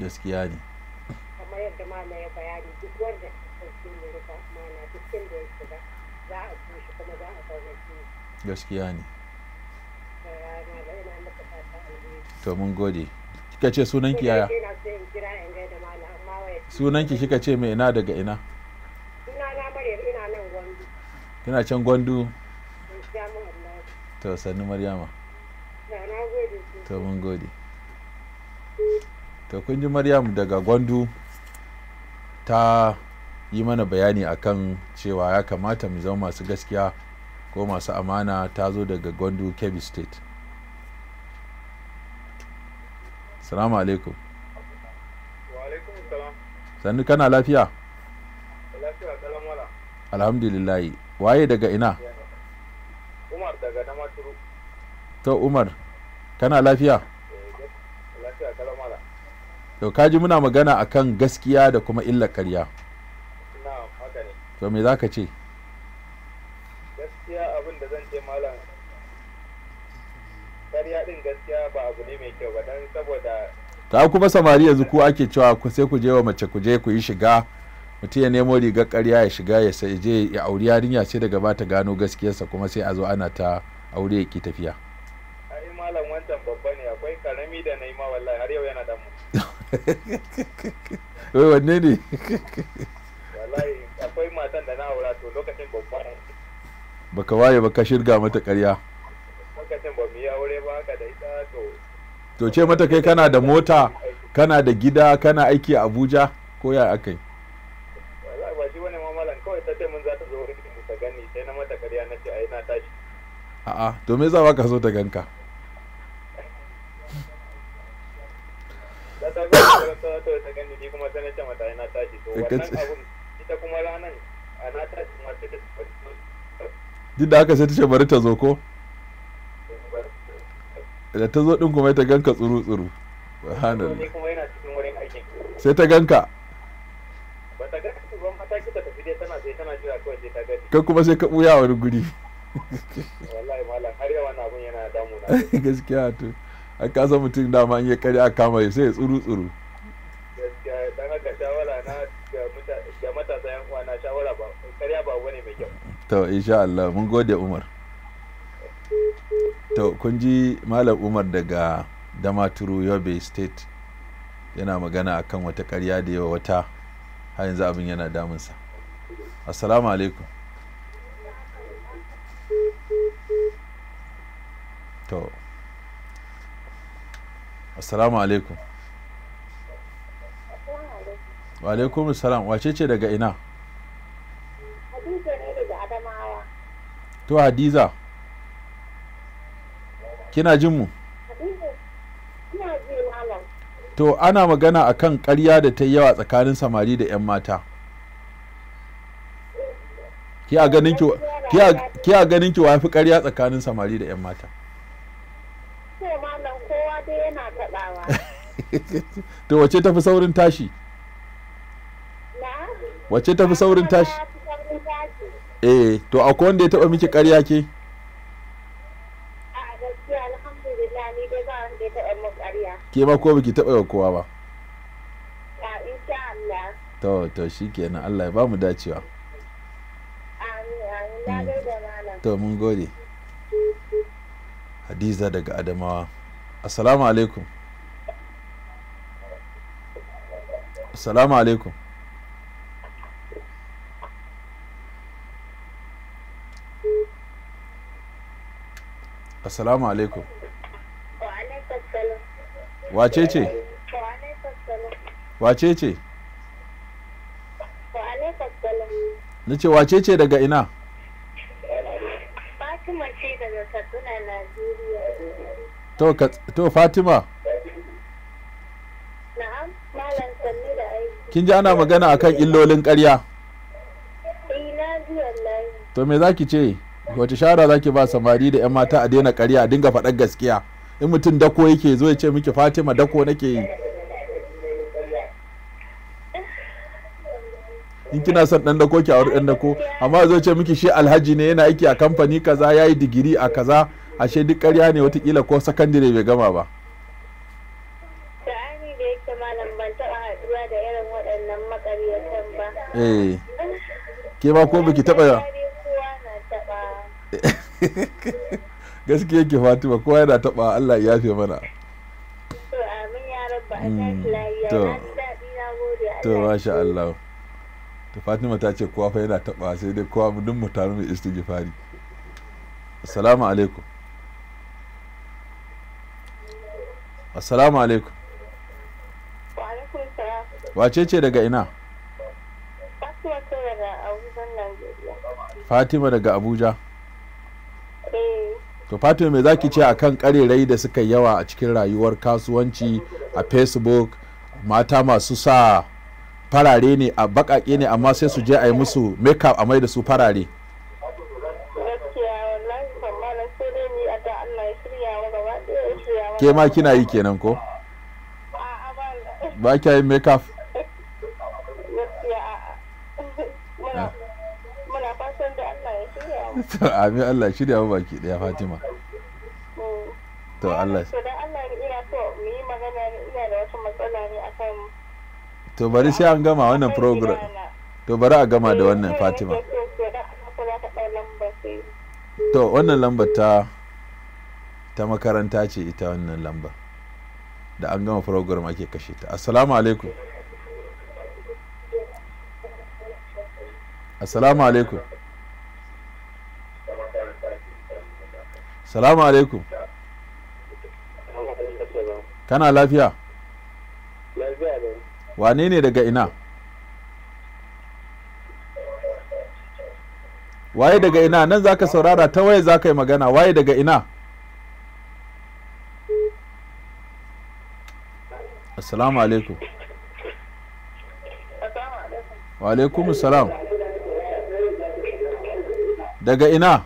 S1: gaskiya ne
S2: kamar yadda mana ya bayani duk wanda ɗauki mai rikon amana duk da ya shiga za a ci shi kuma za a kawo shi
S1: gaskiya ne to mun gode kika ce sunan ki yaya sunan ki kika ce mai ina daga ina
S2: ina na maryam ina nan gwandu
S1: kina can gwandu to sannu maryama to mun gode to kun ji maryam daga gwandu ta yi mana bayani akan cewa ya kamata mu zama masu gaskiya ko masu amana ta zo daga gwandu kebbi state salamu alaikum sannu kana lafiya alhamdulillahi waye daga ina
S3: umar daga damaturu
S1: to umar kana lafiya to kaji muna magana akan gaskiya da kuma illa karya to me za ka ce
S3: gaskiya abin da zan ce malam karya din
S2: gaskiya ba abu ne mai kyau ba
S1: dan saboda ta kuma samari yanzu ku ake cewa ku sai ku je wa mace ku je ku yi shiga mutum ya nemo rigar karya ya shiga ya sai je ya auri yarinya sai daga ba ta gano gaskiyarsa kuma sai a zo ana ta aure ya ki tafiya wai wanne ne
S3: akwai matan da na aura to lokacin babba
S1: baka waye baka shirga mata karya to ce mata kai kana da mota kana da gida kana aiki a abuja ko ya aka yi?
S3: ba shi za ta zo
S1: a'a to me za ka so ta ganka
S3: ta ta wannan abun ita kuma ranan ana tashi
S1: kuma ta duk da aka sai ta ce bari ta zo ko da ta zo din kuma ta ganka tsuru tsuru sai ta ganka ka. kuma sai ka buya wani guri gaskiya to a kasa mutum dama in ya kare a kama ya sai ya tsuru tsuru
S3: dan haka shawara na ga matasa yan uwa na shawara ba karya ba wani mai kyau
S1: to insha Allah mun gode Umar to kun ji malam Umar daga Damaturu Yobe State yana magana akan wata karya da yawa wata har yanzu abin yana damunsa assalamu alaikum to assalamu alaikum wa alaikum salam wace ce daga ina
S2: hadiza ne daga adamawa
S1: to hadiza kina jin mu to ana magana akan karya da ta yi yawa tsakanin samari da 'yan mata ki a ganin ki wafi karya tsakanin samari da 'yan mata dai yana taɓawa. to wace tafi saurin tashi? Wace tafi saurin tashi? Eh, to akwai wanda ya taɓa miki ƙarya ke? Ke ma ko biki taɓa yau kowa ba? To, to shi kenan Allah ya ba mu dacewa. Mm. To, mun gode. Hadiza daga Adamawa. assalamu alaikum assalamu alaikum assalamu alaikum wace ce wace ce na ce wace ce daga ina to fatima kin ji ana magana a kan illolin karya. Eh, to me za ki ce wace shara za ki ba samari da 'yan mata a daina karya a dinga faɗar gaskiya in mutum dako yake zo ya ce miki fatima dako nake yi in kina son ɗan dako ki auri ɗan dako amma zo ce miki shi alhaji ne yana aiki a kamfani kaza ya yi digiri a kaza ashe duk karya ne watakila ko sakandare bai gama ba
S2: ta'ani da malam ban taɓa haɗuwa da waɗannan ba eh
S1: ke ma ko biki taba ya gaskiya yake fatima kowa yana taɓa allah ya fi mana
S2: to amin ya rabba hmm. allah
S1: to masha allah ta fatima ta ce kowa fa yana taɓa sai dai kowa duk mutane mai istigifari assalamu alaikum assalamu alaikum wace ce daga ina fatima daga abuja eh. to fatima me zaki ce akan karerai da suka yawa a cikin rayuwar kasuwanci a facebook mata masu sa farare ne a bakake ne amma sai su je a yi musu make a mai da su farare ke ma kina yi kenan ko ba kya yi makeup up to amin Allah shirya mu baki daya Fatima to Allah to
S2: dan Allah ina so mu yi magana ne ina
S1: da wata matsala ne akan to bari sai an gama wannan program to bari a gama da wannan Fatima to wannan lambar ta ta makaranta ce ita wannan lamba da an gama program ake kashe ta assalamu alaikum assalamu alaikum assalamu alaikum kana lafiya wane ne daga ina waye daga ina nan zaka saurara ta waye zaka yi magana waye daga ina assalamu alaikum wa alaikum salam
S2: daga ina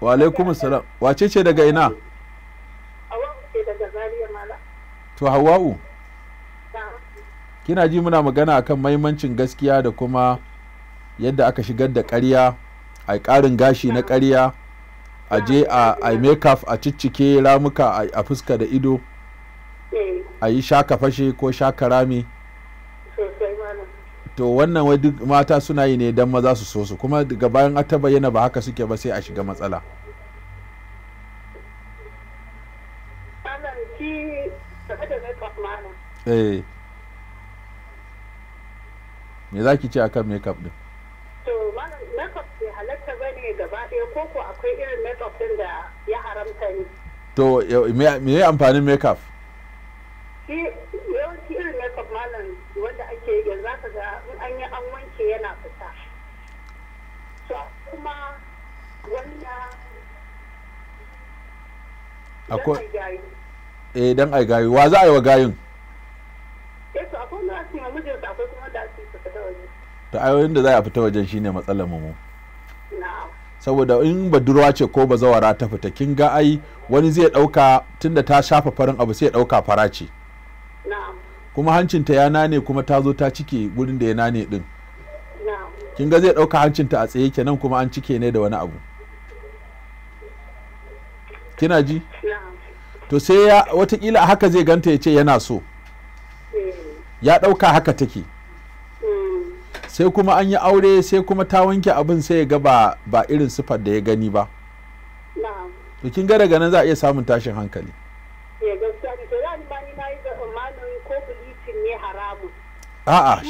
S1: wa alaikum salam wace ce daga ina to hawa'u kina ji muna magana akan maimancin gaskiya da kuma yadda aka shigar da ƙarya a ƙarin gashi na ƙarya a je a make a ciccike ramuka a fuska da ido Eh. a yi shaka fashe ko shaka rami to wannan wai duk mata suna yi ne don maza su so su kuma daga bayan a ta bayyana ba haka suke ba sai a shiga matsala eh me za ki ce akan makeup din
S2: to makeup bai halatta ba ne gaba ɗaya ko ko akwai irin makeup din da ya haramta ne
S1: to me amfanin makeup
S2: yawanci irin makeup malam wanda ake yanzu ka ga in an yi an wanke yana fita kuma
S1: akwai eh dan ai wa za a yi wa gayun
S2: eh akwai na akwai kuma da su fita waje
S1: ta ayoyin da za a fita wajen shine matsalar mu saboda in budurwa ce ko bazawara ta fita kin ga ai wani zai dauka tunda ta shafa farin abu sai ya dauka fara ce kuma hancinta ya nane kuma ta zo ta cike gurin da ya nane din kin ga zai ɗauka hancinta a tsaye kenan kuma an cike ne da wani abu kina ji to sai ya watakila haka zai ganta ya ce yana so eh. ya ɗauka haka take hmm. sai kuma an yi aure sai kuma ta wanke abin sai ya ga ba irin sifar da ya gani ba to kin ga daga nan za a iya samun tashin hankali a'a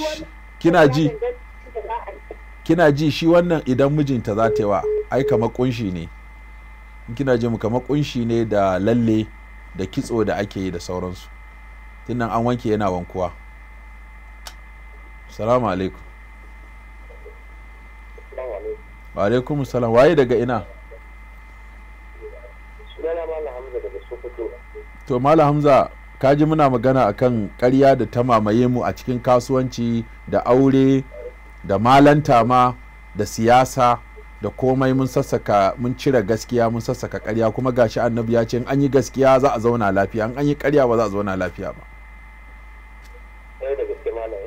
S1: kina ji kina ji shi wannan idan mijinta za ta yi wa ai kama kunshi ne kina ji mu kama kunshi ne da lalle da kitso da ake yi da sauransu tunan an wanke yana wankuwa salamu alaikum wa alaikum salam waye daga ina to mala hamza kaji muna magana akan karya da ta mamaye mu a cikin kasuwanci da aure da malanta ma da siyasa da komai mun sassaka mun cire gaskiya mun sassaka karya kuma gashi annabi ya ce in an yi gaskiya za a zauna lafiya in an yi karya ba za a zauna lafiya ba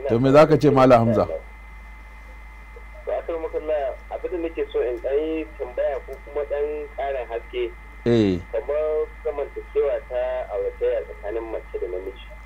S3: to me zaka ce mala hamza ba kamar abin da nake so in dan tambaya ko kuma dan karin haske eh. kamar ta auratayya tsakanin mace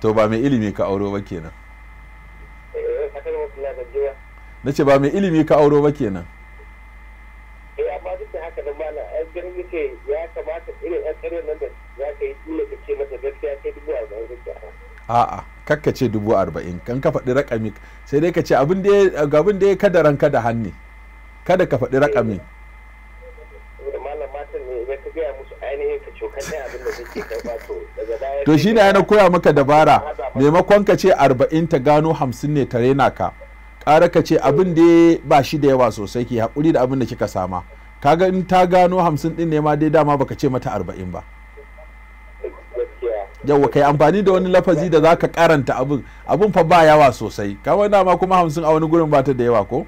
S1: to ba mai ilimi ka auro ba kenan
S3: eh,
S1: na ce ba mai ilimi ka auro ba kenan
S3: eh, amma an
S2: da
S1: a'a kakka ce dubu arba'in kan ka faɗi rakami sai dai ka ce abin da ya kadaran kada hanni kada ka faɗi rakamin eh.
S3: to shi na yana koya maka dabara
S1: maimakon ka ce arba'in ta gano hamsin ne ta rena ka ƙara ka ce abin da ba shi da yawa sosai ke haƙuri da abin da kika sama kaga in ta gano hamsin ɗin ne ma dai dama baka ce mata arba'in ba yawwa kai amfani da wani lafazi da za ka karanta abin abin fa ba yawa sosai kawai dama kuma hamsin a wani gurin ba ta da yawa ko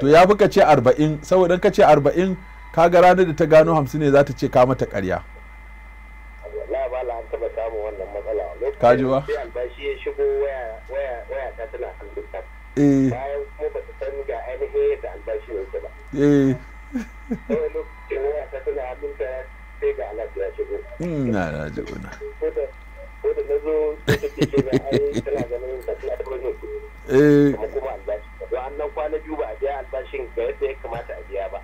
S1: to ya fi ka ce arba'in saboda ka ce arba'in kaga ranar da ta gano hamsin ne za ta ce ka mata karya.
S3: wallahi ba la taba samun wannan matsala albashi ya shigo tana hannun eh bayan kuma ba ta san ga yadda albashi ba eh lokacin tana ya shigo hmm, na ko da na zo sai eh kuma biyu ba a biya albashin ga yadda ya kamata a biya ba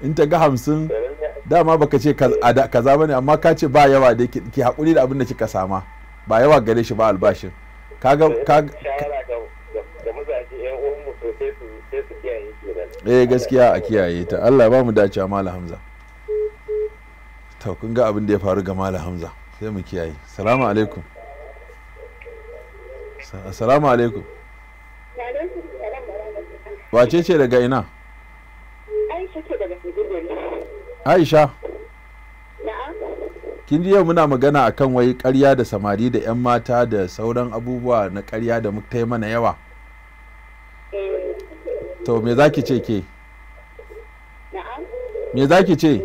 S1: in ta ga hamsin dama baka ce kaza bane amma ka ce ba yawa da ki haƙuri da abin da kika sama ba yawa gare shi ba albashin kaga kaga
S3: eh gaskiya a
S1: kiyaye ta Allah ba mu dace mala hamza to kun ga abin da ya faru ga mala hamza sai mu kiyaye salamu alaikum salamu alaikum wace ce daga ina aisha kin ji yau muna magana akan wai karya da samari da 'yan mata da sauran abubuwa na karya da muka yi mana yawa to me za ki ce ke
S2: me za ki ce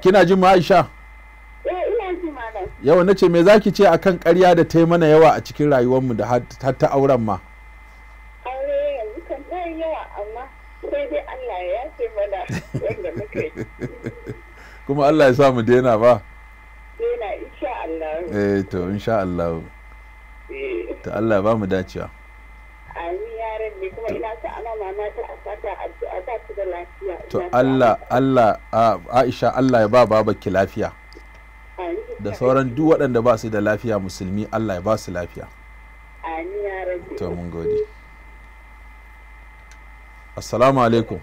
S1: kina jin ma aisha
S2: eh,
S1: yawa na ce me za ki ce akan karya da ta yi mana yawa a cikin rayuwarmu da hatta auren ma
S2: aure yanzu kan yawa amma dai Allah ya yafe mana wanda muka yi
S1: kuma Allah ya sa mu dena ba
S2: Dena insha Allah
S1: eh to insha Allah
S2: eh. ta
S1: Allah ba mu dacewa
S2: amin ya rabbi kuma ina sa ana mama ta asata addu'a ta ci da lafiya to Allah
S1: Allah Aisha Allah ya ba babaki lafiya da sauran duk waɗanda ba su da lafiya musulmi Allah ya ba su lafiya
S2: amin ya rabbi to mun gode
S1: assalamu alaikum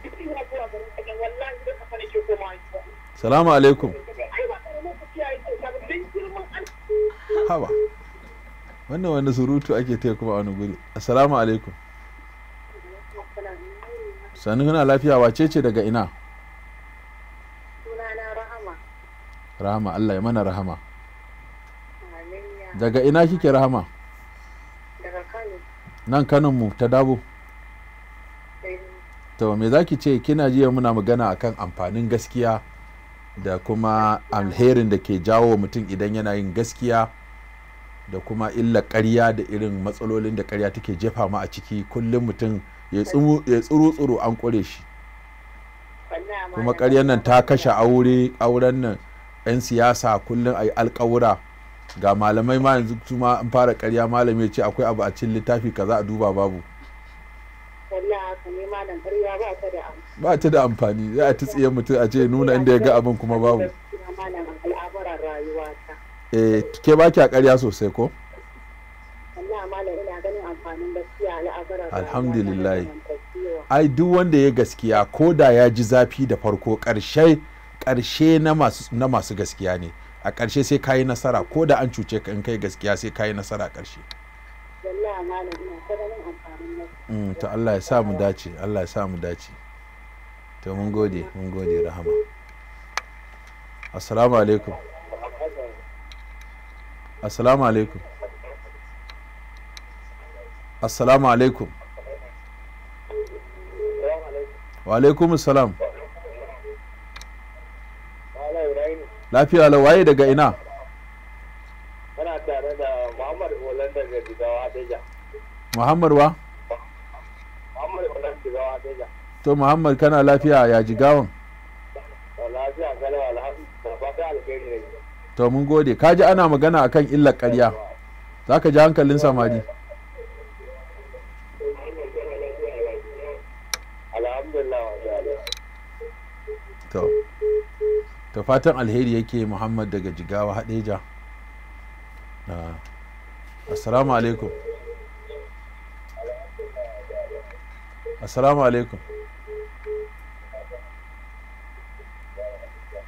S1: salamu alaikum hawa wannan wani surutu ake taya kuma wani guri assalamu alaikum Sani kuna lafiya wace ce daga ina rahama allah ya mana rahama daga ina kike rahama daga kano nan kanon mu ta dabo to me za ki ce kina jiya muna magana akan amfanin gaskiya da kuma alherin da ke jawo mutum idan yana yin gaskiya da kuma illa karya da irin matsalolin da karya take jefa ma a ciki kullum mutum ya tsuru tsuru an kure shi kuma ƙaryar nan ta kashe aure auren nan 'yan siyasa kullum a yi alƙawura ga malamai ma yanzu su an fara karya malami ya ce akwai abu a cin littafi kaza a duba babu ba ta da amfani za a ta tsaye mutum a ce nuna inda ya ga abin kuma babu eh ke ba a karya sosai ko
S2: alhamdulillah ai
S1: duk wanda ya gaskiya ko da ya ji zafi da farko karshe karshe na masu gaskiya ne a karshe sai kayi nasara ko da an cuce ka in kai gaskiya sai kayi nasara karshe
S2: ta amfanin
S1: mm, to Allah ya sa mu dace Allah ya sa mu dace to mun gode mun gode rahama assalamu alaikum assalamu alaikum assalamu alaikum wa alaikum salam lafiya lawaye daga ina Muhammad wa? Jigawa To Muhammad kana lafiya ya Jigawan?
S3: Lafiya alkhairi ne.
S1: To mun gode ka ji ana magana akan illar ƙarya. Za ka ji hankalin samari. To. fatan alheri yake Muhammad daga Jigawa haɗeja. Uh. assalamu alaikum assalamu alaikum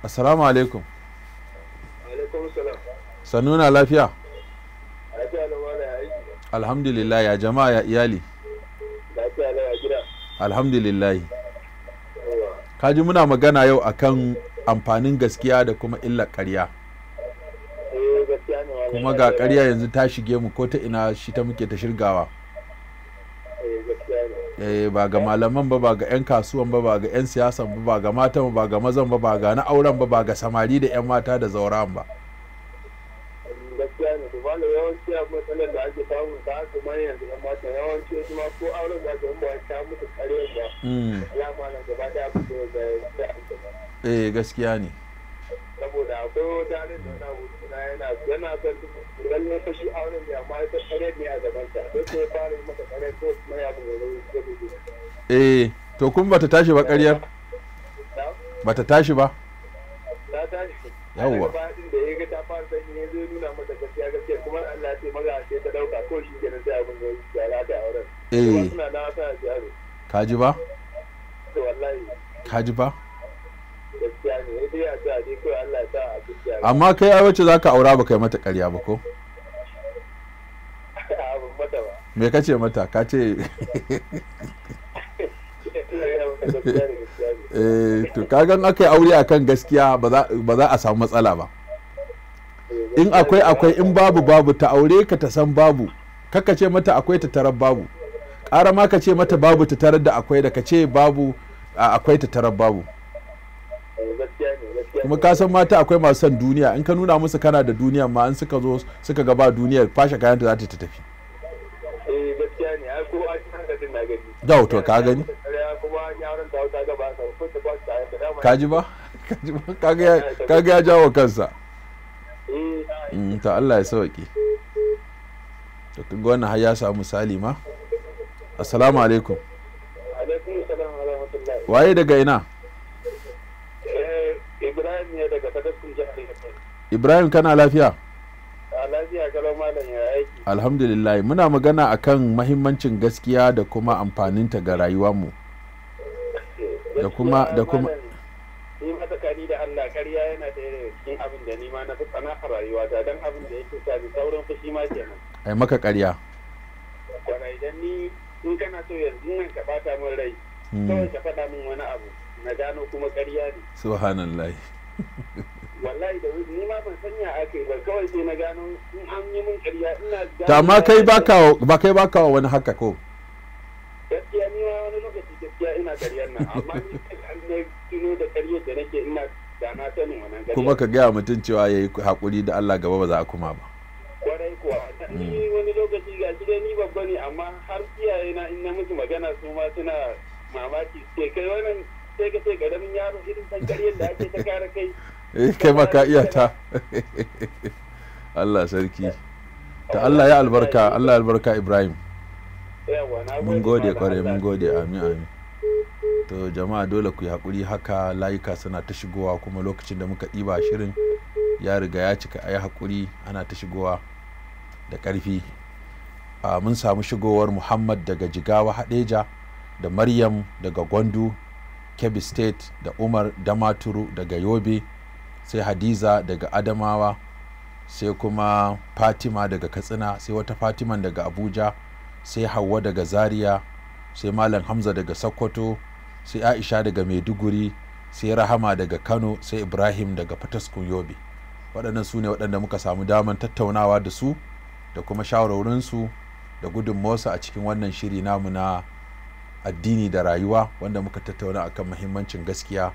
S1: assalamu alaikum Sanuna lafiya alhamdulillah ya jama'a ya iyali alhamdulillah kaji muna magana yau akan amfanin gaskiya da kuma illa karya Eh, kuma ga ƙarya yanzu ta shige mu ko ta ina shi ta muke ta shirgawa eh, eh, ba ga malaman ba ba ga 'yan kasuwan ba ba ga 'yan siyasan ba ba ga matan ba ga mazan ba ba ga na auren ba ba ga samari da 'yan mata da zauran ba mm, gaskiya ne a gaskiya ne
S3: saboda akwai wata da yana son lalle fashi a auren ya ma ita tsare ne a gaban ta sai ko ya fara yi mata tsare ko kuma ya bugu da gudu
S1: eh to kun bata tashi ba ƙaryar bata tashi ba ta tashi yawwa
S3: da ya ga ta fara sai ne zai nuna mata gaskiya gaskiya kuma Allah ya ce maza sai ta dauka ko shi kenan sai abin da ya lata wurin eh kuma suna na sa jaro ka ji ba to wallahi ka ji ba gaskiya ne sai ya ce a ko Allah ya sa a amma kai ai wacce
S1: zaka aura ba kai mata ƙarya ba ko me ka ce mata ka ce eh, to kagan aka yi aure akan gaskiya ba za a samu matsala ba in akwai akwai in babu babu ta aure ka ta san babu kaka ce mata akwai ta tarar babu ƙara ma ka ce mata babu ta tarar da akwai da ka ce babu akwai ta tarar babu eh, gaskiya kuma ka san mata akwai masu son duniya in ka nuna musu kana da duniya ma in suka zo suka gaba duniyar fashe kayan da za ta tafi da eh, wato ka gani ka ji ba ka ga ya jawo kansa
S3: eh,
S1: mm, ta Allah ya sauke ta kaga wannan har ya samu misali ma assalamu alaikum waye daga ina
S3: Ibrahim ne daga Kadastin jihar Yobe.
S1: Ibrahim kana lafiya?
S3: lafiya kalau malam ya aiki.
S1: Alhamdulillah muna magana akan mahimmancin gaskiya da kuma amfaninta ga rayuwar mu.
S3: Da kuma da kuma ni matsakani da Allah ƙarya yana da daga cikin abin da ni ma na fi tsana a rayuwa ta don abin da yake sa saurin fushi ma kenan.
S1: Ai maka ƙarya.
S3: Kwarai idan ni in kana so yanzu nan ka bata min rai. Hmm. Kawai ka faɗa min wani abu na gano kuma ƙarya ne.
S1: Subhanallah.
S3: wallahi da wuri ni ma ban sanya ba kawai sai na gano in an yi min ƙarya ina gano kai
S1: ba kai wani haka ko
S3: gaskiya kuma
S1: ka gaya mutum cewa yayi hakuri da Allah gaba ba a kuma ba
S3: kwarai kuwa hmm. ni wani lokaci ga shi ni babba ne amma har iyaye na in na magana su ma suna mamaki kai wannan sai ka ake ta kare kai
S1: eh, kai ma ka iya ta Allah sarki ta Allah ya albarka Allah ya albarka Ibrahim
S3: mun gode kware mun
S1: gode amin amin to jama'a dole ku yi hakuri haka layuka suna ta shigowa kuma lokacin da muka ɗiba shirin ya riga ya cika a yi hakuri ana ta shigowa da ƙarfi ah, mun samu shigowar muhammad daga jigawa hadeja da maryam daga gwandu kebbi state da umar damaturu daga yobe sai hadiza daga adamawa sai kuma fatima daga katsina sai wata fatiman daga abuja sai hawa daga zaria sai malam hamza daga sokoto sai aisha daga maiduguri sai rahama daga kano sai ibrahim daga fataskun yobe waɗannan su ne waɗanda muka samu daman tattaunawa da su da kuma shawarwarinsu da gudunmawarsu a cikin wannan shiri namu na addini da rayuwa wanda muka tattauna akan muhimmancin gaskiya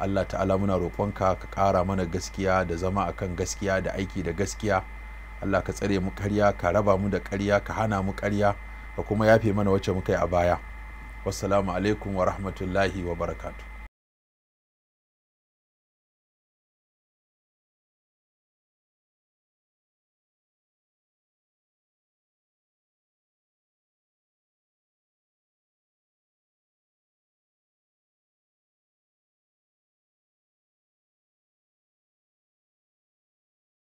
S1: allah ta'ala muna roƙonka ka ƙara mana gaskiya da zama akan gaskiya da aiki da gaskiya allah ka tsare mu ƙarya ka raba mu da ƙarya ka hana mu ƙarya ka kuma yafe mana wacce muka yi a baya wassalamu alaikum wa rahmatullahi wa barakatu